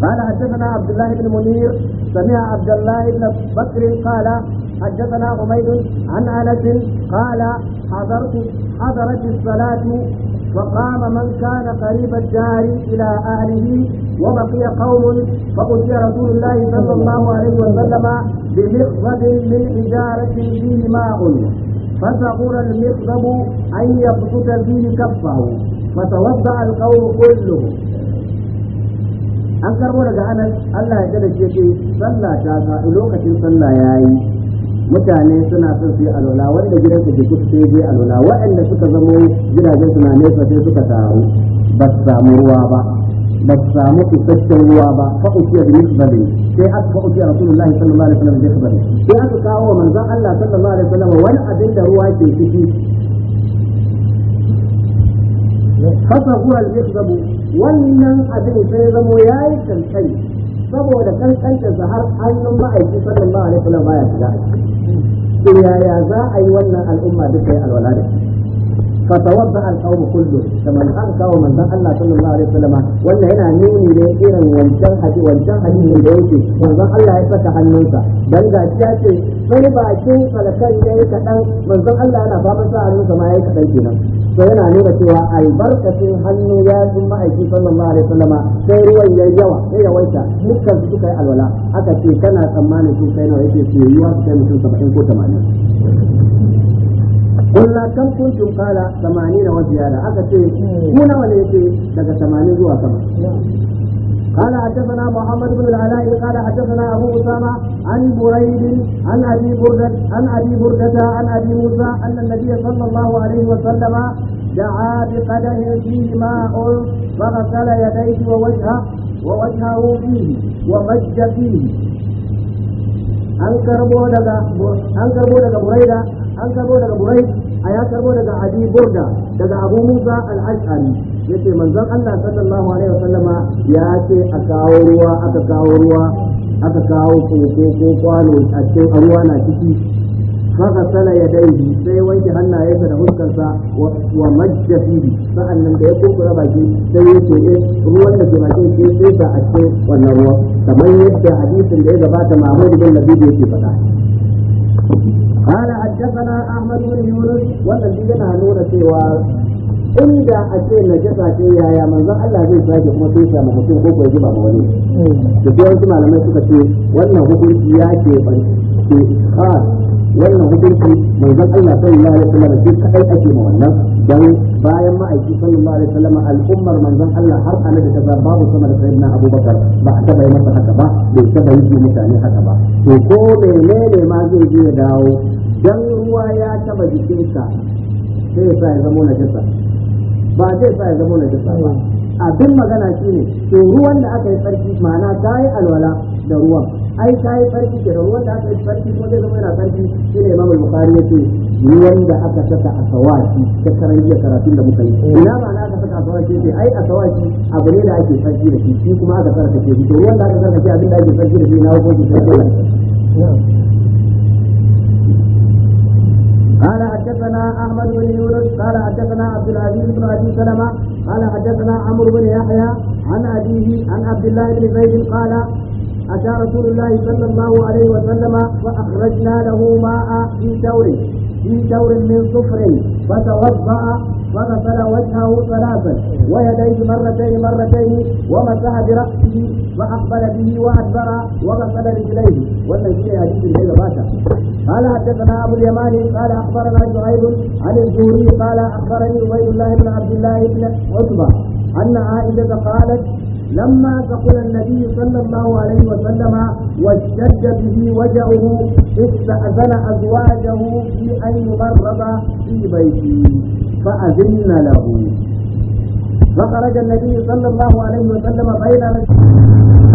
Speaker 1: قال حدثنا عبد الله بن منير سمع عبد الله بن بكر قال حدثنا عبيد عن انس قال حضرت حضرت الصلاه فقام من كان قريب الدار الى اهله وبقي قوم فاتي رسول الله صلى الله عليه وسلم بمخضب من حجاره فيه ماء فثغر المخضب ان يبسط فيه كفه فتوضا القوم كلهم an karbo daga anas Allah ya da shi sallah ta ga lokacin sallah yayi mutane suna son su yi alwala wanda gidan su jiku sai je alwala waɗanda suka zamo gidajen suna nesa sai suka taru ba su samu ruwa ba ba su samu isasshen ruwa ba fa usiya bi misbalin sai aka fa usiya rasulullahi sallallahu alaihi wasallam bi misbalin sai aka kawo wa manzon Allah sallallahu alaihi wasallam wani abin da ruwa ke ciki fasa huwa al-misbalu wannan abin sai zamo ya yi kankani saboda kankanta sa har hannun ma'aiki sallallahu alaihi wasallam baya shiga to yaya za a yi wannan al'umma duka ya alwala da shi فتوضا alƙawar Kullum da قال قوم من الله صلى الله عليه وسلم Wannan yana نوني da irin wancan hadisi wancan hadisin da yake manzon Allah ya saka hannunsa dan ga ya ce sai bakin falakan yayi kadan manzan Allah yana fama, masa hannunsa ma yayi kadan kenan to yana nuna cewa albarkacin hannu ya yi ma'aiki sallallahu alaihi wasallam sai ruwan ya yawa ya yawaita dukkan su suka yi alwala aka ce kana tsammanin su kai nawa yake su yiwa su kai mutum saba'in ko tamanin kulla kan kuntum kala tamanin wa ziyada aka ce ku nawa ne yake daga tamanin zuwa sama قال حدثنا محمد بن العلاء قال حدثنا ابو اسامه عن بريد عن ابي برده عن ابي برده عن ابي موسى ان النبي صلى الله عليه وسلم دعا بقدح فيه ماء فغسل يديه ووجهه ووجهه فيه ومج فيه an karbo daga an karbo daga buraida an karbo daga burai a ya karbo daga abi burda daga abu musa al-ash'ari yace manzon Allah sallallahu alaihi wasallama ya ce a kawo ruwa aka kawo ruwa aka kawo koko ko kwano a cikin ruwa na ciki haka sala ya dai sai wanke hannayensa da fuskarsa wa majja fihi nan da ya kokura baki sai ya ce eh, ruwan da ke bakin sai sai ba a ce wannan ruwa kamar yadda hadisin da ya gabata Muhammad bin Nabi yake faɗa قال حدثنا احمد بن يونس والذي ينهى نور سوى inda a ce na jasa ce yaya manzon Allah zai sake kuma sai samu mutum ko kuma jima ma wani da wasu malamai suka ce wannan hukunci ya ke ban ke wannan hukunci manzon Allah sallallahu alaihi wasallam sai kai ake ma wannan dan bayan ma'aiki sallallahu alaihi wasallam al'ummar manzon Allah har ana da kaza babu sama da sayyidina Abubakar ba a taba yi masa haka ba bai taba yi mutane haka ba to ko menene ma zai je ya dawo dan ruwa ya taba jikinsa sai ya sa ya zama najasa ba zai sa ya zama na jisa ba abin magana shi ne to ruwan da aka yi tsarki ma'ana ta yi alwala da ruwan ai ta yi tsarki ke da ruwan da aka yi tsarki kuma zai zama yana tsarki shi ne imamul bukari ya ce ruwan da aka saka a sawaki ta karanci karatun da muka yi ina ma'ana aka saka a sawaki ce ai a sawaki abu ne da ake tsarki da shi shi kuma aka tsarkake shi to ruwan da aka tsarkake abin da ake tsarki da shi na hukunci sai حدثنا احمد بن يونس قال حدثنا عبد العزيز بن ابي سلمه قال حدثنا عمرو بن يحيى عن ابيه عن عبد الله بن زيد قال اتى رسول الله صلى الله عليه وسلم فاخرجنا له ماء في شور في شور من صفر فتوضا فغسل وجهه ثلاثا ويديه مرتين مرتين ومسح براسه وأقبل به وأدبر وغسل رجليه والنبي حديث الليل باشا قال حدثنا أبو اليماني قال أخبرنا شعيب عن الزهري قال أخبرني عبيد الله بن عبد الله بن عتبة أن عائشة قالت لما ثقل النبي صلى الله عليه وسلم واشتد به وجعه استأذن أزواجه في أن يمرض في بيته فأذن له فخرج النبي صلى الله عليه وسلم بين رجلين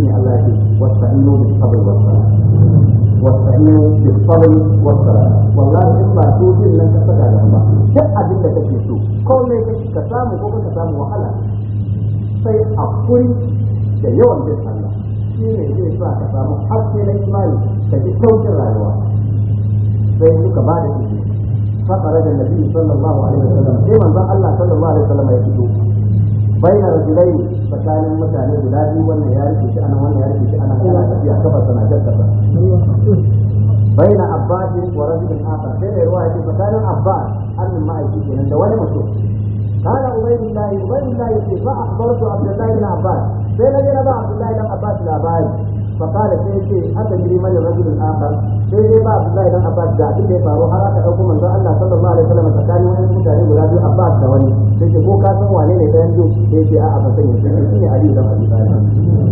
Speaker 1: shine Allah ya ce wasta'inu bis sabr was salah wasta'inu bis sabr was salah wallahi in ba so din nan ka saka da ba duk abin da kake so ko ne kake ka samu ko ka samu wahala sai hakuri da yawan bin Allah shine zai sa ka samu haske na ka ji sauƙin rayuwa sai suka ba da izini فخرج النبي صلى الله عليه وسلم في منظر الله صلى الله عليه وسلم يكتب bayan rajulai tsakanin mutane guda biyu wannan ya rike shi ana wannan ya rike shi ana yana tafiya kafa sana jar kafa bayan abbas wa rajulin akhar sai da ruwa yake tsakanin abbas annin ma'aiki kenan da wani mutum قال عبيد الله عبيد الله يقول فاخبرت عبد الله بن عباس بين جنب عبد الله بن عباس الاباري فقال سيدي أتدري من الرجل الآخر سيدي بعض الله إذا أباد ذا إذا فارو حرات أوكم من رأى الله صلى الله عليه وسلم فكان وإن كنت عليه ولادي أباد ثواني سيدي بو كاسم وعليه تنجو سيدي أعب سيدي سيدي علي بن أبي طالب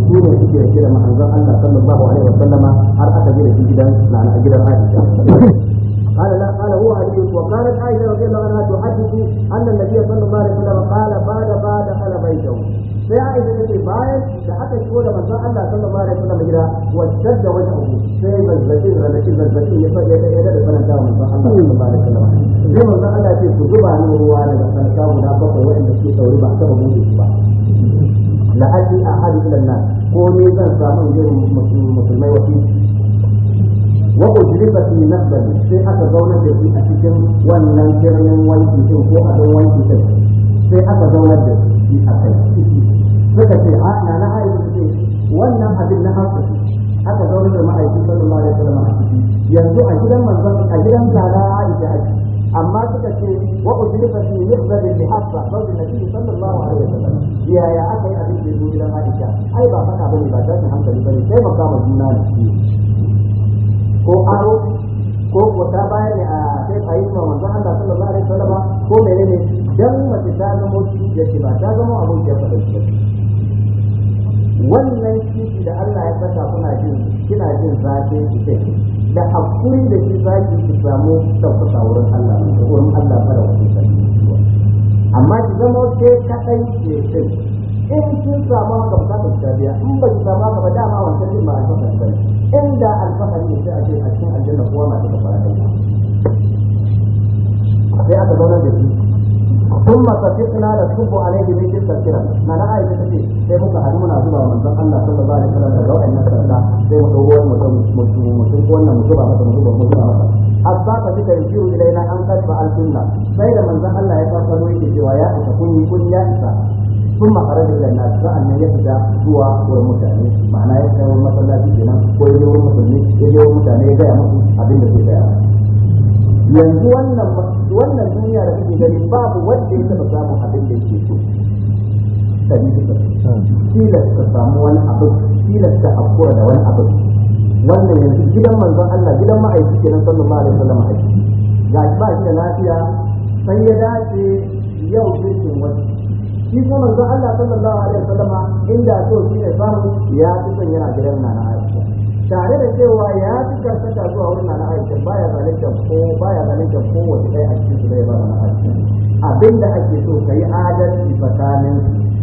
Speaker 1: سيدي سيدي كده من رأى الله صلى الله عليه وسلم هر أتدري في جدا لعن أجل عائشة قال لا قال هو حديث وقالت عائشة رضي الله عنها تحدث أن النبي صلى الله عليه وسلم قال بعد بعد دخل بيته sai a izinin bayan da aka shigo da manzon Allah sallallahu alaihi wasallam gida wacce da wata abu sai zazzabin zazzabin zazzabin ya fada ya da sanar da manzon Allah sallallahu alaihi wasallam sai manzon Allah ce ku zuba ni ruwa daga sarka guda bakwai waɗanda suke sauri ba ta babu su ba la'ati a hadu ilan nan ko ne zan samu yin musulmai wasu wa ujribat min nafsan sai aka zauna da shi a cikin wannan birnin wanki din ko a don wanki din sai aka zauna da shi a kai suka ce a ah, na na aisha ce wannan abin na hafsa aka zo da ma'aiki sallallahu alaihi wasallam yanzu a gidan manzon a gidan zara aisha amma suka ce wa ujrifa fi yahbari li hafsa zawjin nabi sallallahu alaihi wasallam ya ya aka yi abin da gidan aisha ai ba fada bane ba tashin hankali bane sai makama juna ne jin zafin jikin da hakuri da shi zafi ki samu ɗaukaka wurin Allah wurin Allah fara wani sani amma ki zama ke kaɗai ke cin in sun samu haka ba ta ta biya in ba ki samu haka ba dama wancan jin ba a kan kan inda alfahari ne sai a ce a cikin aljanna kowa masu kafara kai sai aka zauna da shi ثم da نصب عليه بمثل التذكرة ما لا عايز تشي sai muka haɗu muna zuba manzon Allah sallallahu alaihi wasallam da rawan nan sallah sai mu dawo wani mutum mutum mutum wannan mu zuba masa mu zuba mu zuba masa asba ka fita yajiru ilaina an kasba sai da manzon Allah ya farfado yake cewa ya isa kun yi kun ya isa ثم خرج الى الناس فان يبدا هو والمتعني معناه يسوي مثلا في جنان ويجي والمتعني يجي والمتعني يبيع مثل abin da zai bayar yanzu wannan wannan duniya da kake gani babu wanda ya taba samun abin da yake so sani suka hmm. tilasta samu wani abu tilasta hakura da wani abu wannan yanzu gidan manzon Allah gidan ma'aiki kenan sallama alaihi wasallam a ciki ga ba shi da lafiya sai ya dace yau cikin wani. shi kuma manzon Allah sallallahu alaihi sallama inda so shi ne samu ya fi son yana gidan nana Aisha tare da cewa ya fi karkata zuwa wurin na aisha baya zalunta ko baya zalunta ko wata Kai a cikin su zai ba na aisha abinda ake so ka yi adalci tsakanin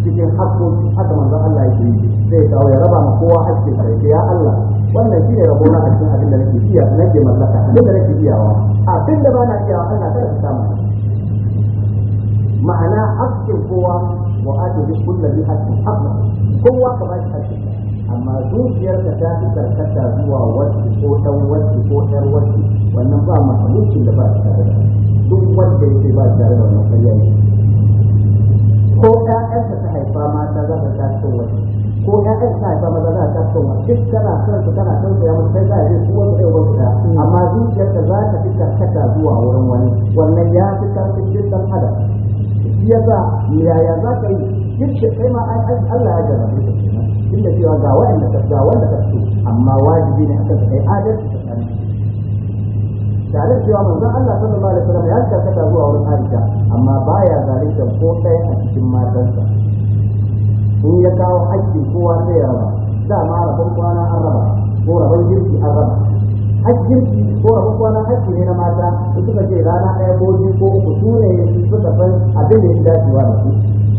Speaker 1: cikin hakkoki haka manzon Allah yake yi zai kawo ya raba ma kowa hakki sai ya Allah wannan shine rabo na cikin abin da nake iya nake mallaka abin da nake iyawa abin da bana iyawa kana kada ka samu ma'ana hakkin kowa wa adu bi kulli hakkin hakka kowa ka ba shi hakkin amma zuciyarka ta fi karkata zuwa wacce ko ɗan wacce ko ɗan wacce wannan ba mahalucin da ba shi tare da duk wanda yake ba shi tare da wannan karya ne ko ƴaƴanka ta haifa mata za ka tashi wacce ko ƴaƴan ta haifa maza za ka tashi wacce duk kana kan su kana kan su ya mutu sai ka yi su wani ɗaya wacce ta amma zuciyarka za ta fi karkata zuwa wurin wani wannan ya fi karfin jin ɗan adam yaya za ka yi duk da kai ma Allah ya jarabe inda da cewa ga waɗanda ka ga wanda ka so amma wajibi ne akan kai adalci tsakanin tare cewa manzon Allah sallallahu alaihi wasallam ya ta zuwa wurin Aisha amma baya zalunta ko ɗaya a cikin matansa in ya kawo hakkin kowa sai ya raba dama rabon kwana an raba ko rabon girki an raba hakkin ko rabon kwana hakki ne na mata in suka ce rana ɗaya ko biyu ko uku su ne suka san abin da ya dacewa da su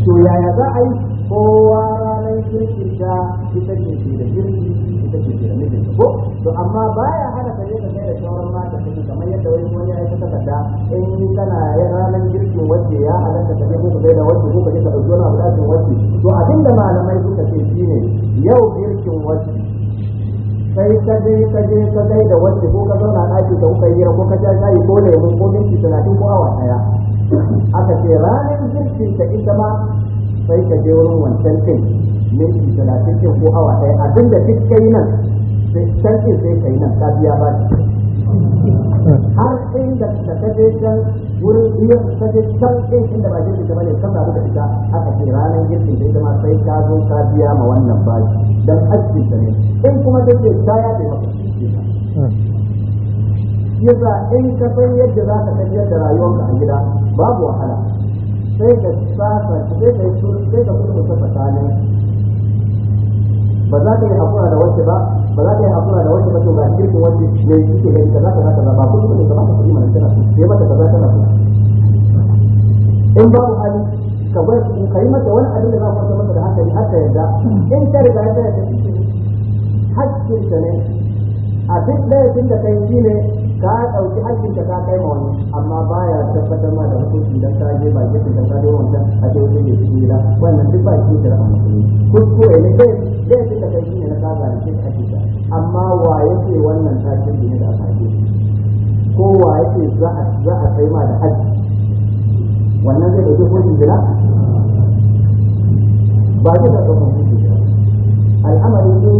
Speaker 1: to yaya za a yi kowa asalin kirkin ta ita ce ke da kirki ita ce ke da mijin ko to amma baya hana kare ka kai da sauran mata kake kamar yadda wani wani ya saka kada in kana ya ranan kirkin wacce ya halatta ka ne ko ka da wacce ko ka je ka dauki wani abu da wacce to da malamai suka ce shine yau kirkin wacce Kai ka je ka je ka kai da wacce ko ka zauna ɗaki ka kuka yi ko ka ja shayi ko lemu ko minti talatin ko awa ɗaya aka ce ranar kirkin ka ita ma sai ka je wurin wancan ɗin minti talatin ce ko awa ɗaya abin da duk kai nan sai ce sai kai nan ta biya ba har inda da ta je can wurin biyar ta je can ɗin da ba girki ba ne kan ba da fita aka ce ranar girki sai zama sai ka zo ka biya ma wannan bashi dan askin ta ne in kuma ta ce ta ya taimaka yasa in ka san yadda za ka tafiyar da rayuwarka a gida babu wahala sai ka sasa sai ka yi sai ka kuma tsakanin ba za ka yi hakura da wacce ba ba za ka yi hakura da wacce ba to ga kirkin wacce ne kike gani kaza kaza kaza ba kun ne kamar ka yi mana tana so sai mata kaza tana so in ba ku hali ka bar ka yi mata wani abin da za ku mata da hankali har ta yarda in ta riga ta yarda hakkin ta ne a da yake da kai shine ka ɗauki haƙƙin ka kai ma amma baya tabbatar ma da hukunci dan ka je ba ke ka je wancan a ce wani ne cikin gida wannan duk ba shi da amfani kuskure ne zai zai fi kai shi ne na ka zalunce ka ake ta amma wa yake wannan tashin ne da aka ake ko wa yake za a za a kai ma da haƙƙi wannan zai ɗauki hukuncin gida ba ke da ɗauki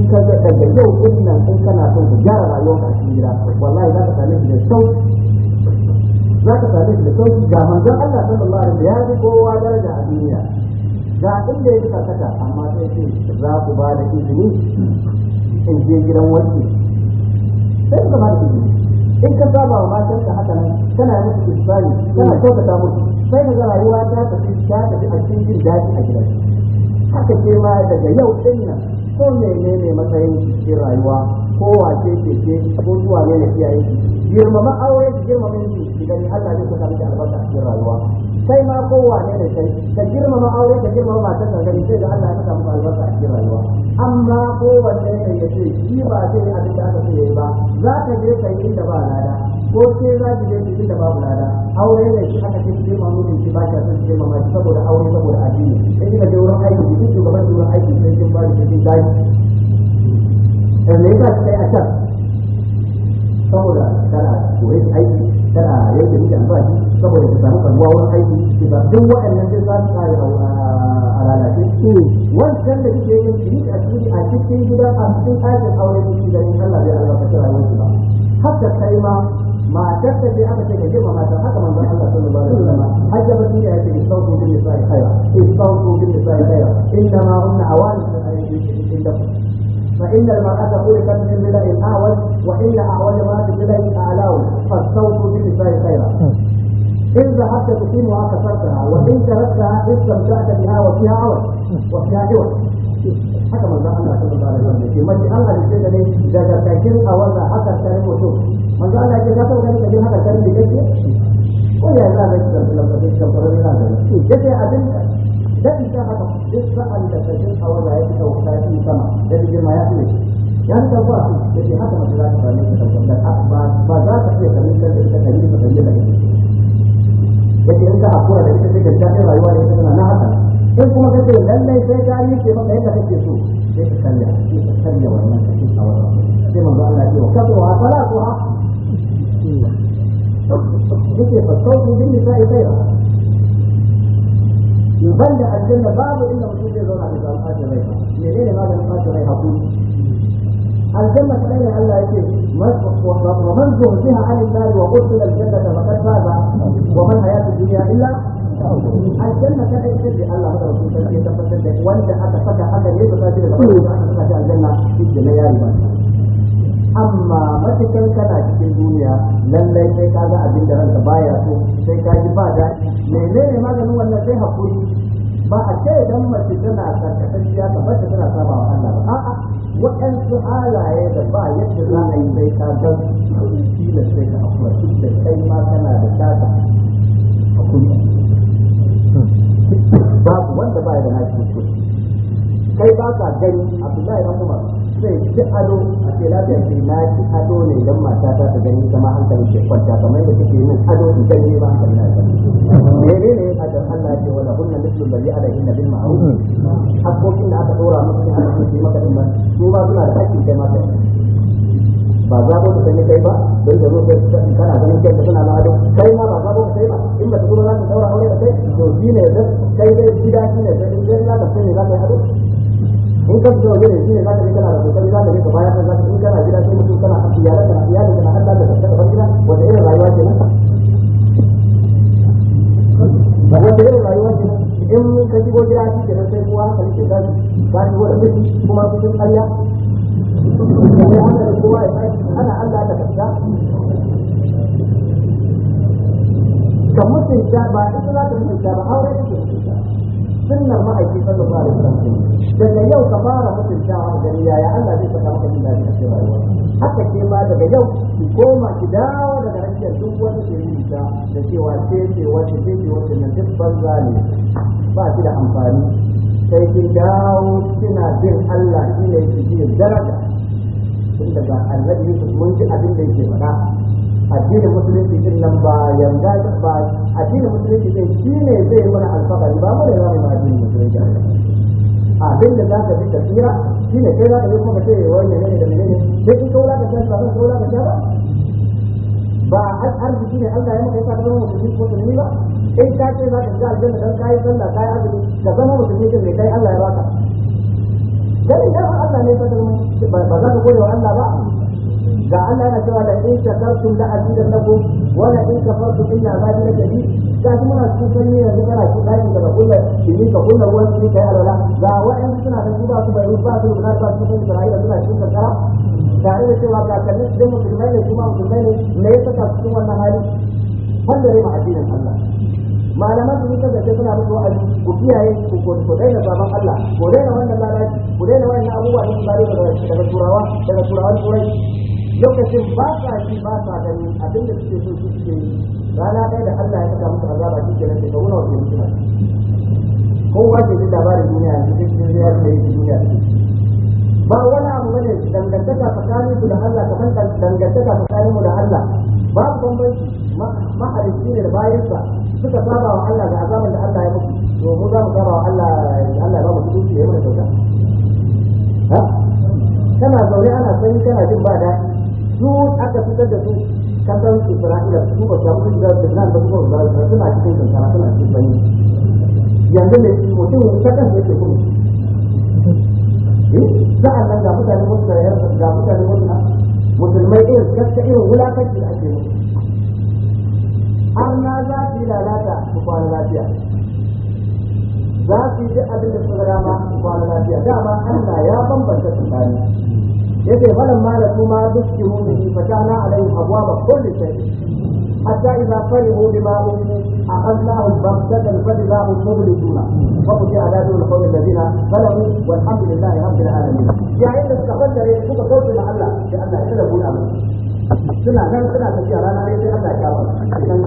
Speaker 1: ka ga daga yau din nan in kana son ka gyara rayuwarka a cikin gida wallahi za ka same shi da sauki za ka same shi da sauki ga manzon Allah sallallahu alaihi wasallam ya fi kowa daraja a duniya ga da ya karkata amma sai ce za ku ba da izini in je gidan wanki sai ku ba da izini in ka saba wa matan ka haka nan kana yi musu isbani kana kyautata musu sai ka ga rayuwa ta tafi ta tafi a cikin jin daɗi a gidan haka ke ma daga yau din nan ko ne matsayin cikin rayuwa ko wace ce ce ko zuwa ne na kiyaye shi girmama aure da girmama shi ki gani Allah zai saka miki albarka cikin rayuwa Sai ma ko wane ne kai ka girmama aure ka girmama matar ka gani sai da Allah ya saka albarka cikin rayuwa amma ko wanne ne ya ce shi ba zai yi abin da aka ce ba za ka je ka yi da ba lada ko sai za ki je cikin da babu lada aure ne shi aka ce sai mamu ne ki ba ki san sai mama saboda aure saboda addini in kika je wurin aiki ki kike gaban wurin aiki sai kin ba ki kin dai eh me yasa kai a can saboda kana koyi aiki kana yake miki albashi saboda ki samu karuwa wurin aiki ki ba duk waɗannan dai za su kare a lalace su wancan da kike yin ki a cikin a cikin gida a cikin aikin aure ki da Allah bai albarkaci rayuwarki ba hatta kai ma ما تبدا في هذا الشيء يجب ما هذا من الله صلى الله عليه وسلم حجبت الدنيا يجب الصوت بالنساء خيرا الصوت بالنساء خيرا انما هن اوان فإن المرأة خلقت من بدء الأعوج وإن أعوج امرأة بدء أعلاوج فالصوت بالنساء خيرا إن ذهبت تقيمها كسرتها وإن تركتها استمتعت بها وفيها عوج وفيها عوج haka manzon Allah الله صلى الله عليه وسلم Allah الله sai da ne أولا حتى a wannan manzo Allah ya kafa wani kaje haka kan da kake ko ya za ka ci da lokacin da fara da nan to kace abin da dan ta haka duk sa'an da kaje hawa da yake kawo ta yi sama da je ma ya ne ya ta ba da shi haka mace za ta fara da kankan ba ba za ta iya kamin da ta kai da kaje da kake yace in ka hakura da ita take ta rayuwa da ita tana na haka in kuma kace lallai sai ta yi ke maka yadda kake so sai ka kalla sai ka kalla wannan kake hawa sai manzo Allah ya ce wa kafa wa salatuha ذكر فالصوت بالنساء غيرها يظل الجنة بعض إلا وجود الزوجة الأوقات غيرها منين هذا الأوقات غيرها الجنة عليها ألا يكفي ومن زهزها عن النار وقتل الجنة فقد فاز وما الحياة الدنيا إلا الجنة كذا يكفي الله هذا رسول الله يتفكر وانت حتى فتح هذا يبقى في الجنة في الجنة يا رب amma matakan kana cikin duniya lallai sai ka ga abin da ranka baya so sai ka ji ba daɗi menene maganin wannan sai hakuri ba a ce dan mace tana shi ka mace tana saba wa Allah ba a'a waɗansu halaye da ba yadda za a yi sai ka ga kila sai ka hakura duk da kai ma kana da tata hakuri babu wanda ba ya da nashi kai ba ka gani Abdullahi Umar sai ci ado a ce lafiya ce na ci ado ne don mata ta ta gani kama hankali ke kwanta kamar da take min ado in ne ba hankali na gani mene ne a dan Allah ce wala hunna mislu alladhi alayhi nabil ma'ruf hakkokin da aka dora musu ne aka ce maka din ba su ba suna da hakkin kai mata ba za ko ta sanya kai ba don da zo kai kana ganin kai suna na ado kai ma ba za ko kai ba in ba ta zo za ka daura aure da kai to shine kai dai gida shine sai in dai za ka sanya za ka yi ado in ka fito wajen shi ne za ka yi kana da kokari za ka yi ka bayar da zaka in kana gida sai mutum kana a iyalin kana iyalin kana Allah da gida wanda irin rayuwa ce nan wanda irin rayuwa ce in ka shigo gida shi ke sai kowa haka ne ke tashi ba shi wani kuma su sun tsaya sai ana da kowa ya tashi ana Allah da kanta ka mutunta ba ita za mutunta ba aure sunnar ma'aiki sallallahu alaihi wasallam daga yau ka fara mutuntawa da yaya Allah zai saka maka jin daɗi a cikin rayuwa haka ke ma daga yau ki koma ki dawo daga rakiyar duk wani yi ta da cewa ce ce wace ce wace na duk banza ne ba shi da amfani sai ki dawo kina bin Allah shi ne ki daraja tun daga annabi Yusuf mun ji abin da yake faɗa addinin musulunci din nan ba yanga ba addinin musulunci din shi ne zai mana alfahari ba mu da ma addinin musulunci abin da za ka bi ka tsira shi ne kai za ka yi kuma ce wani ne da menene sai kin kawo ka san sabon kawo ka sha ba ba har arziki ne Allah ya maka yasa ka zama musulmi ko musulmi ba in ka ce za ka shiga aljanna dan kai sallah kai azumi ka zama musulmi din ne kai Allah ya baka dan idan Allah ne ya ba za ka gode wa Allah ba Ga Allah na cewa da in shakartum da azidan lakum in la in kafartum inna na lakabir da kuma na cikin sanyi yanzu kana cikin ɗakin da kulla shi ka kullu ruwan shi kai alwala ga wa'an suna da ba su bayu ba su da ba su da Isra'ila suna cikin kankara tare da cewa kakannin su dai musulmai ne kuma musulmai ne me ya saka cikin wannan hali wanda rai ma addinin Allah malaman su suka zace suna musu wa'azi ku kiyaye ku ku daina baban Allah ku daina wannan lalaci ku daina wannan abubuwa da ba da daga turawa daga turawan turai lokacin ba sa ji ba sa gani abin da suke so su suke yi rana ɗaya da Allah ya saka musu azaba shi kenan daga wuna wajen ko kowa ke jin labarin duniya yanzu duk sun zai yarda yi duniya ba wani abu bane dangantaka tsakanin su da Allah san dangantaka tsakanin mu da Allah babu bambanci mahalicci ne da sa suka saba wa Allah da azaban da Allah ya muku to mu za mu saba wa Allah Allah ya ba mu tuki ya yi mana kyauta kana zaune ana sanyi kana jin ba daɗi su aka fitar da su kasan isra'ila su ba samu su da da nan da kuma ba suna cikin kankara suna cikin sanyi yanzu ne mutum ta kan yake kuma eh, sa'an nan ga mutane wasu da yarda ga mutane wasu na musulmai irin gaske irin wulakanci da ake an na za su yi lalata su kwana lafiya za su yi duk abin da suka dama su kwana lafiya dama Allah ya bambanta tsakani yake falan ma da kuma dukkiru bihi fatana alaihim abwaba kulli shay'in hatta idza farihu bima umiru أخذناهم بغتة فإذا هم مبلسون وقضي عذاب القوم الذين ظلموا والحمد لله رب العالمين يعني إذا استقبلت ليه كنت قلت لعله لأن اختلفوا الأمر suna nan suna tafiya rana ne sai Allah ya kawo idan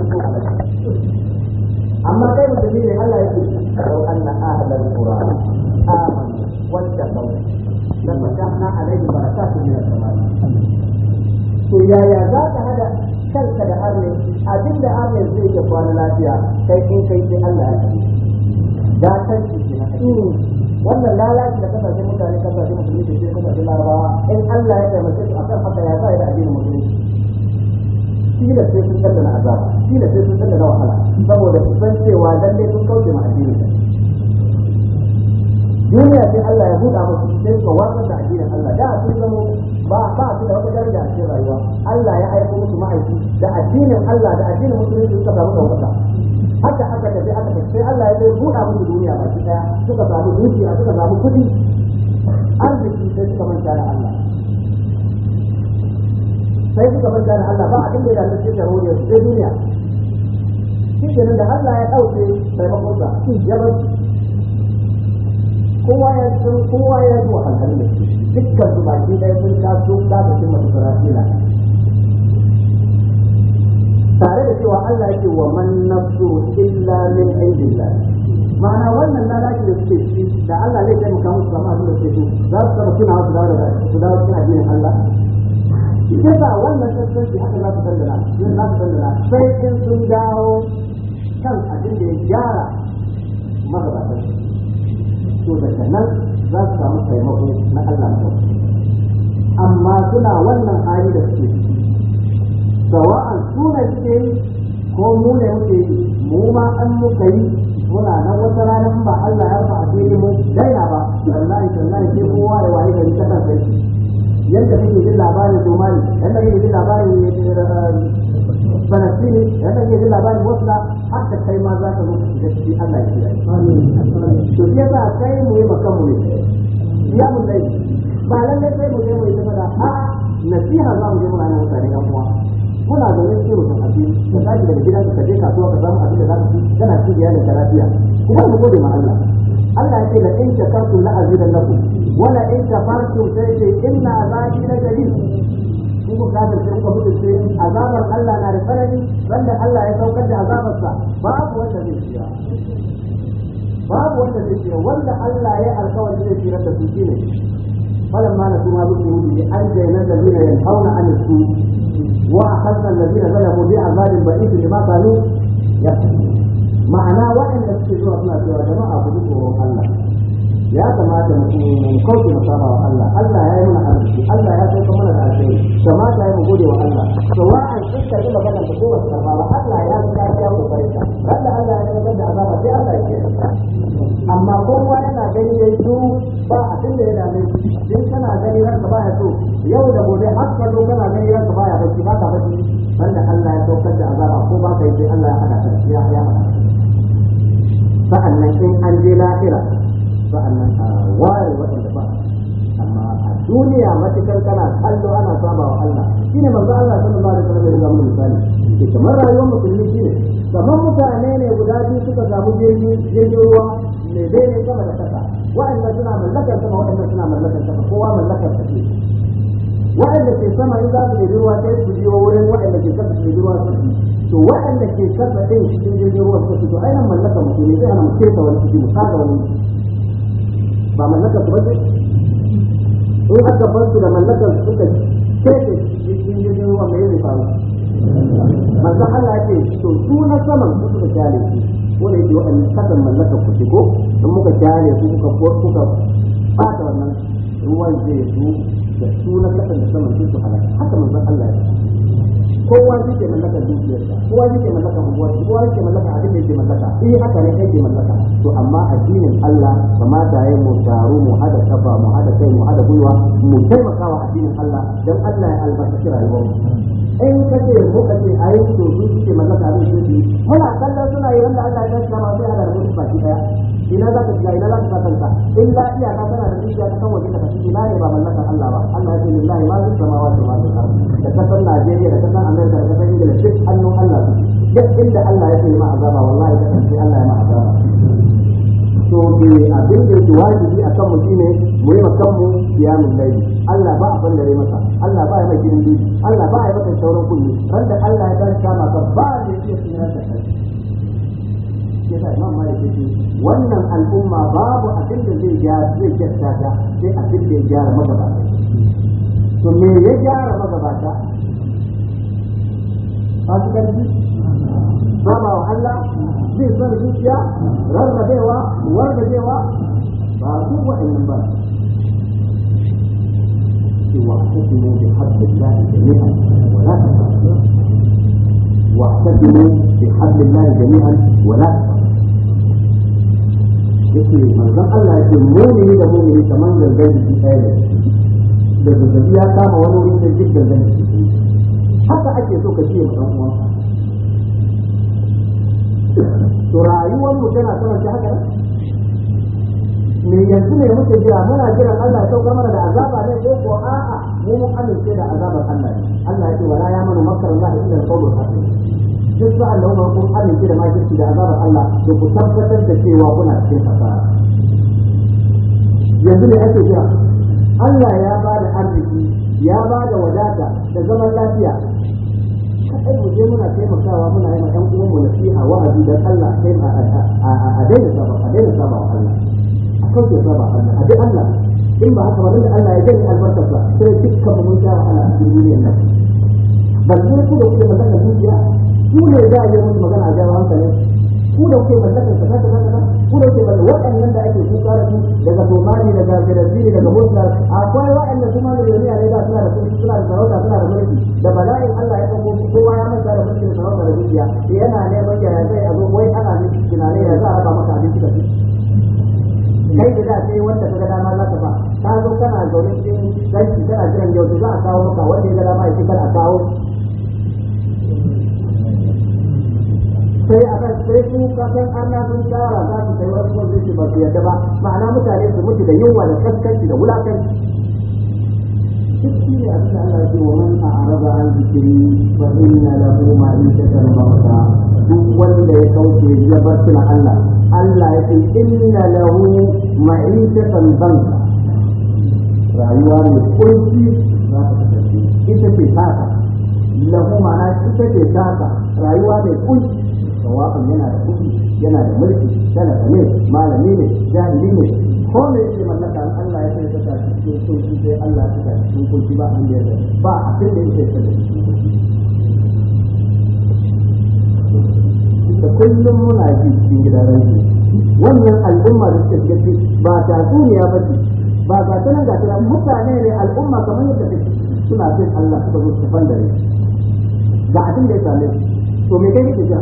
Speaker 1: amma kai mutum ne Allah ya ce law anna ahlal qura amanu wattaqaw لفتحنا عليه بركات من السماء ويا يا ذات هذا kanka da arne abin da arne zai ke kwana lafiya kai in kai sai Allah ya da hmm, wannan lalaci da kasashen mutane kasashen musulmi da shi kasashen larabawa in Allah ya taimake su akan haka ya zai da addinin musulunci shi da sai sun tsada na azaba shi da sai sun tsada na wahala saboda su san cewa lalle sun kauce ma addinin duniya sai Allah ya buɗa musu sai suka watsar da addinin Allah da sun zama ba ba su da wata daraja a cikin rayuwa Allah ya aiko musu ma'aiki da addinin Allah da addinin musulunci suka samu wata haka da sai aka sai Allah ya zai buɗa musu duniya baki ɗaya suka samu dukiya suka samu kuɗi arziki sai suka manta da Allah sai suka manta da Allah ba a kan da ya dace da sai duniya shi da Allah ya ɗauke maimakonsa ya bar kowa ya san kowa ya zo kan da shi dukkan su baki ɗaya sun taso za su cimma isra'ila tare da cewa Allah yake wa man nafsu illa min indillah ma'ana wannan lalaki da suke ci da Allah zai taimaka musu zama a da suke za su saba suna su dawo da su dawo cikin addinin Allah ita ba wannan shi haka za su dandana yin za su sai in sun dawo kan abin da ya gyara magabatan to daga nan za su samu taimako na Allah
Speaker 2: mutum
Speaker 1: amma suna wannan hali da suke ciki sawa'an suna suke ko mu ne muke mu ma an muka yi muna nan wata rana ba Allah ya a asiri mu daina ba wallahi wallahi sai kowa da wani gari ta kan sai yadda kake jin labarin Somali yadda kake jin labarin eh, eh, eh, Palestine yadda kake jin labarin Bosnia haka kai ma za ka zo da shi. Allah ya kiyaye to sai ba kai mu yi makan mu ya mun dai ba lalle sai mu je mu yi tafa da a nasiha za mu je mu rana mutane yan uwa muna da wani ciwo kan abin ka tashi daga gidan ka je kasuwa ka samu abin da za ka ci kana ci da yanin lafiya kuma mu gode ma Allah Allah ya ce la in shakartum la azidannakum wala in kafartum sai ce inna azabi la shadid shi ku kafin sai kuka mutu ce azabar Allah na da tsanani wanda Allah ya saukar da azabarsa babu wanda zai tsira babu wanda zai tsira wanda Allah ya alkawari zai tsira da su shine فلما نسوا ما ذكروا به أنجينا الذين ينهون عن السوء وأخذنا الذين ظلموا بعذاب بئيس لما كانوا يكسبون ma'ana waɗanda suke zuwa suna cewa jama'a ku ji tsoron Allah ya kamata mutum mai kauce na saba wa Allah Allah ya yi mana arziki Allah ya sauka mana da alheri kamata ya mu gode wa Allah sawa'an an ka zuba kana da kowace karba ba Allah ya zuba ya kokari ka Allah Allah ya zuba da azaba sai Allah ya kira amma kowa yana gani ya zo ba abin da ya dame shi din kana gani ranka ya so yau da gobe har ka zo kana gani ranka baya bacci ba ka bacci banda Allah ya saukar da azaba ko ba kai sai Allah ya hada ka ya ya sa'annan in an je lahira sa'annan a wayar waɗanda ba amma a duniya matukar kana kallo ana saba wa Allah shine manzo Allah sallallahu alaihi da ya zama misali ke kamar rayuwar musulmi shine kamar mutane ne guda biyu suka samu jirgin ruwa ne dai ne sama da kasa wa'anda suna mallakar sama waɗanda suna mallakar sama kowa mallakar sa waɗanda ke sama in za su nemi ruwa sai su biyo wurin waɗanda ke kasa su nemi ruwa su to waɗanda ke kasa ɗin cikin jirgin ruwa su to ainihin mallaka mutum ne zai hana mutum ta wani ciki mu kaga wani ba mallaka su bace in aka bar su da mallakar su suka kete cikin jirgin ruwa mai zai faru manzon Allah ya ce to su na saman su suka kyale su wanda yake waɗannan kasan mallakar ku ce ko in muka kyale su kuka kuka ɓata wannan ruwan zai zo da su na kasan da saman su su halaka haka manzon Allah ya kowa shi ke mallaka dukiyarsa kowa shi ke mallaka unguwar kowa shi ke mallaka abin da yake mallaka eh haka ne kai ke mallaka to amma addinin Allah kamata ya mu taru mu hada kafa mu hada kai mu hada gwiwa mu taimaka wa addinin Allah dan Allah ya albarkaci rayuwar mu in ka ce ko ka ce ayi to su ke mallaka abin da yake muna kallon suna yi wanda Allah ya kama sai da baki daya ina za ka shiga ina za ka sa kanka illa iya ka tana da zuciya ta kan waje ka tafi ina ne ba mallakar Allah ba Allah ya ce lillahi ma zuwa ma wasu ma zuwa da kasar Najeriya da kasar Amerika da kasar Ingila duk hannu Allah su duk inda Allah ya ce ma azaba wallahi ka tafi Allah ya ma azaba to be eh, abin da yake wajibi a kanmu shine mu yi kanmu kiyamun laifi Allah ba a bandare masa Allah ba ya mai kirin Allah ba ya masa sauran kulli ran da Allah ya tashi kama ka ba da yake tsira da shi yasa imam malik yake wannan al'umma babu abin da zai gyara zai kyauta ta sai abin da ya gyara magabata to me ya gyara magabata fasikanci saba wa Allah zai son zuciya rarrabewa wargajewa ba su wa'annan ba cewa a cikin ne da haɗin da ya ne a cikin wadatar واعتصموا بحبل الله جميعا ولا manzon Allah yake da mumini kamar zangan jiki ɗaya ne da zazzabi ya kama wani wurin da jin haka ake so ka ciye ɗan to rayuwar mu tana sama haka me yanzu ne muke jira muna jiran Allah sau gamar da azaba ne ko ko a'a mu mun amince da azabar Allah Allah ya ce wala ya manu makar Allah inda sabu hafi duk sa'an da kuma kun amince da makirci da azabar Allah to ku tabbatar da cewa kuna cikin fasara yanzu ne ake jira Allah ya ba da arziki ya ba da wadata da zaman lafiya kai mu je muna taimakawa muna yi ma ɗan uwanmu nasiha wa'azi dan Allah sai a daina saba a daina saba Allah kauce ta ba Allah a bi Allah in ba haka ba da Allah ya gani albarkarsa sai dukkan mun sha wahala a cikin duniyar nan ban ne ku da kuke mallaka zuciya ku ne da ya mutu magana a jawo hankalin ku da kuke mallaka ta kaza kaza ku da kuke waɗannan da ake kuka da su daga Somali daga Brazil daga Bosnia zaune cikin gashi kana jiran yau za a kawo maka wanda ya ga dama ya a kawo sai a kan sai su kasan arna sun tsara za su sai wasu wanda su ba su yadda ba ma'ana mutane su mutu da yunwa da kaskanci da wulakanci Kiki ne abin da Allah ce wa man a araba an zikiri fa inna lahu ma in shakar mawta duk wanda ya kauce ya bar Allah Allah ya ce inna lahu ma in shakar banka rayuwa mai kunci za ta kasance ita ce taka lahu ma'ana ita ce taka rayuwa mai kunci sawa'un yana da kudi yana da mulki talaka ne malami ne jahili ne ko me yake mallaka Allah ya sai ta cikin kunci sai Allah ta ta cikin kunci ba an yarda ba a abin da yake ta cikin kunci da kullum muna ji cikin gidan ranki wannan al'umma da suke cikin ba duniya ba ce ba ga ta nan ga ta mutane ne al'umma kamar yadda take suna bin Allah suka zo su bandare ga abin da ya same su to me kai kike jira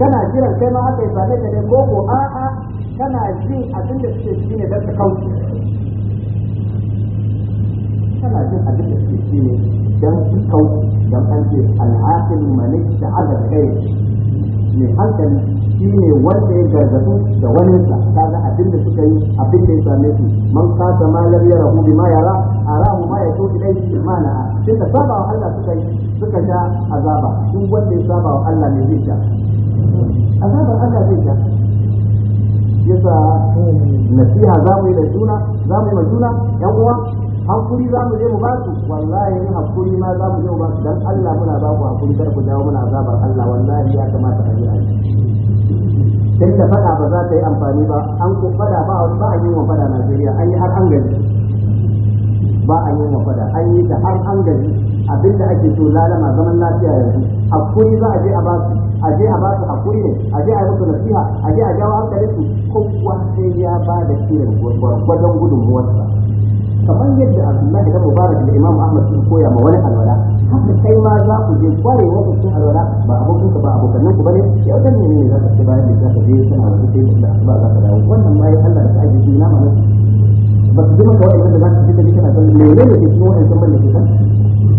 Speaker 1: kana jiran kai ma aka yi same ka ne ko ko a'a kana jin abin da suke ciki ne don ka kauce kana jin abin da suke ciki ne don su kauce don an ce al'aqil malik da azab kai ne hankali shine ne wanda ya gargadu da wani sa kaga abin da suka yi abin da ya same su man kasa ma lam yarahu bima yara arahu ma ya dai? shi mana sai ka saba wa Allah suka yi suka sha azaba duk wanda ya saba wa Allah ne zai ja. azaba Allah zai ja yasa eh, nasiha za mu yi da juna za mu yi ma juna yan uwa hakuri za mu je mu basu wallahi ni hakuri ma za mu je mu basu dan Allah muna ba ku hakuri kar ku dawo muna azabar Allah wallahi ya kamata a yi sai da fada ba za ta yi amfani ba an ku fada ba ba a yi wa fada Najeriya an yi har an gani ba a yi wa fada an yi da har an gani abinda ake so lalama zaman lafiya yanzu hakuri za a je a basu a je a basu hakuri ne a je a yi musu nasiha a je a jawo hankalin su kowa sai ya ba da kiran gwargwadon gudunmuwarsa kamar yadda Abdullahi da Mubarak da Imam Ahmad sun koya ma wani alwala kai ma za ku je kware wata cikin alwala ba abokin ka ba abokan ku bane a ne za ka ce za ka je da za ka dawo wannan Allah da ake shi na mana ba su jima kawai za kana san me ne da ke cikin wannan da ke san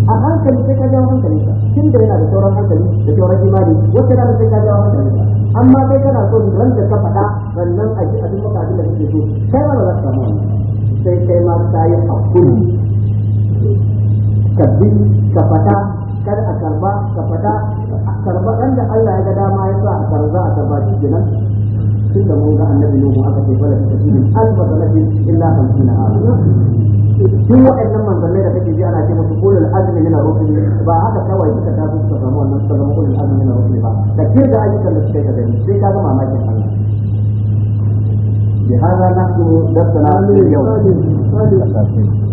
Speaker 1: a hankali sai ka jawo hankali ka da yana da sauran hankali da sauran imani wata rana sai ka jawo hankali ka amma kai kana so ran ka faɗa sannan a ji abin da kake so kai ma ba za ka samu wannan sai kai ma ta yi hakuri ka kafata ka kar a karba ka a karba kan da Allah ya ga dama ya sa a karza a karba shi kenan tun da mun ga annabi Nuhu aka ce fara ta shi alfa salatin illa 50 a'udhu duk waɗannan manzannai da kake ji ana ce musu kulul azmi min rufe ne, ba haka kawai suka taso suka samu wannan suka zama kulul azmi min ar-rusul ba da kirga ayyukan da suka yi gani sai ka ga mamakin Allah bi hada nahnu darsana yau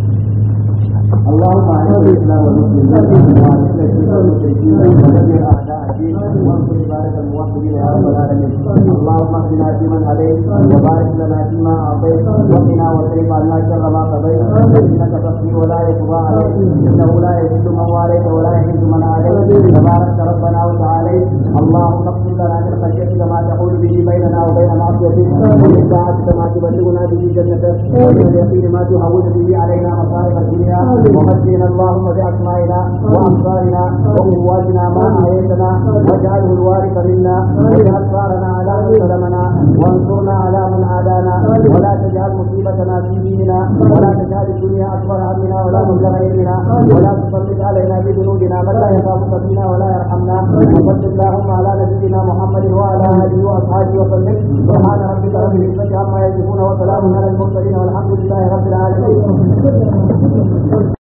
Speaker 1: اللهم اعز الاسلام والمسلمين واعز المشركين ودمر اعداء الدين وانصر عبادك الموحدين يا رب العالمين اللهم اهدنا فيمن هديت وبارك لنا فيما اعطيت وقنا واصرف عنا شر ما قضيت انك تقضي ولا يقضى عليك انه لا يذل من واليت ولا يعز من عليك تبارك ربنا وتعاليت اللهم اقسم لنا من خشيتك ما تحول به بيننا وبين معصيتك ومن طاعتك ما تبلغنا به جنتك ومن اليقين ما تهون به علينا مصائب الدنيا ومجدنا اللهم بأسمائنا وأبصارنا وقواتنا ما أعيتنا واجعله الوارث منا واجعل ثارنا على من ظلمنا وانصرنا على من عادانا ولا تجعل مصيبتنا في ديننا ولا تجعل الدنيا أكبر همنا ولا مبلغ علمنا ولا تسلط علينا بذنوبنا من لا يخافك فينا ولا يرحمنا وصل اللهم على نبينا محمد وعلى آله وأصحابه وسلم سبحان ربك رب
Speaker 2: العزة عما يصفون وسلام على المرسلين والحمد لله رب العالمين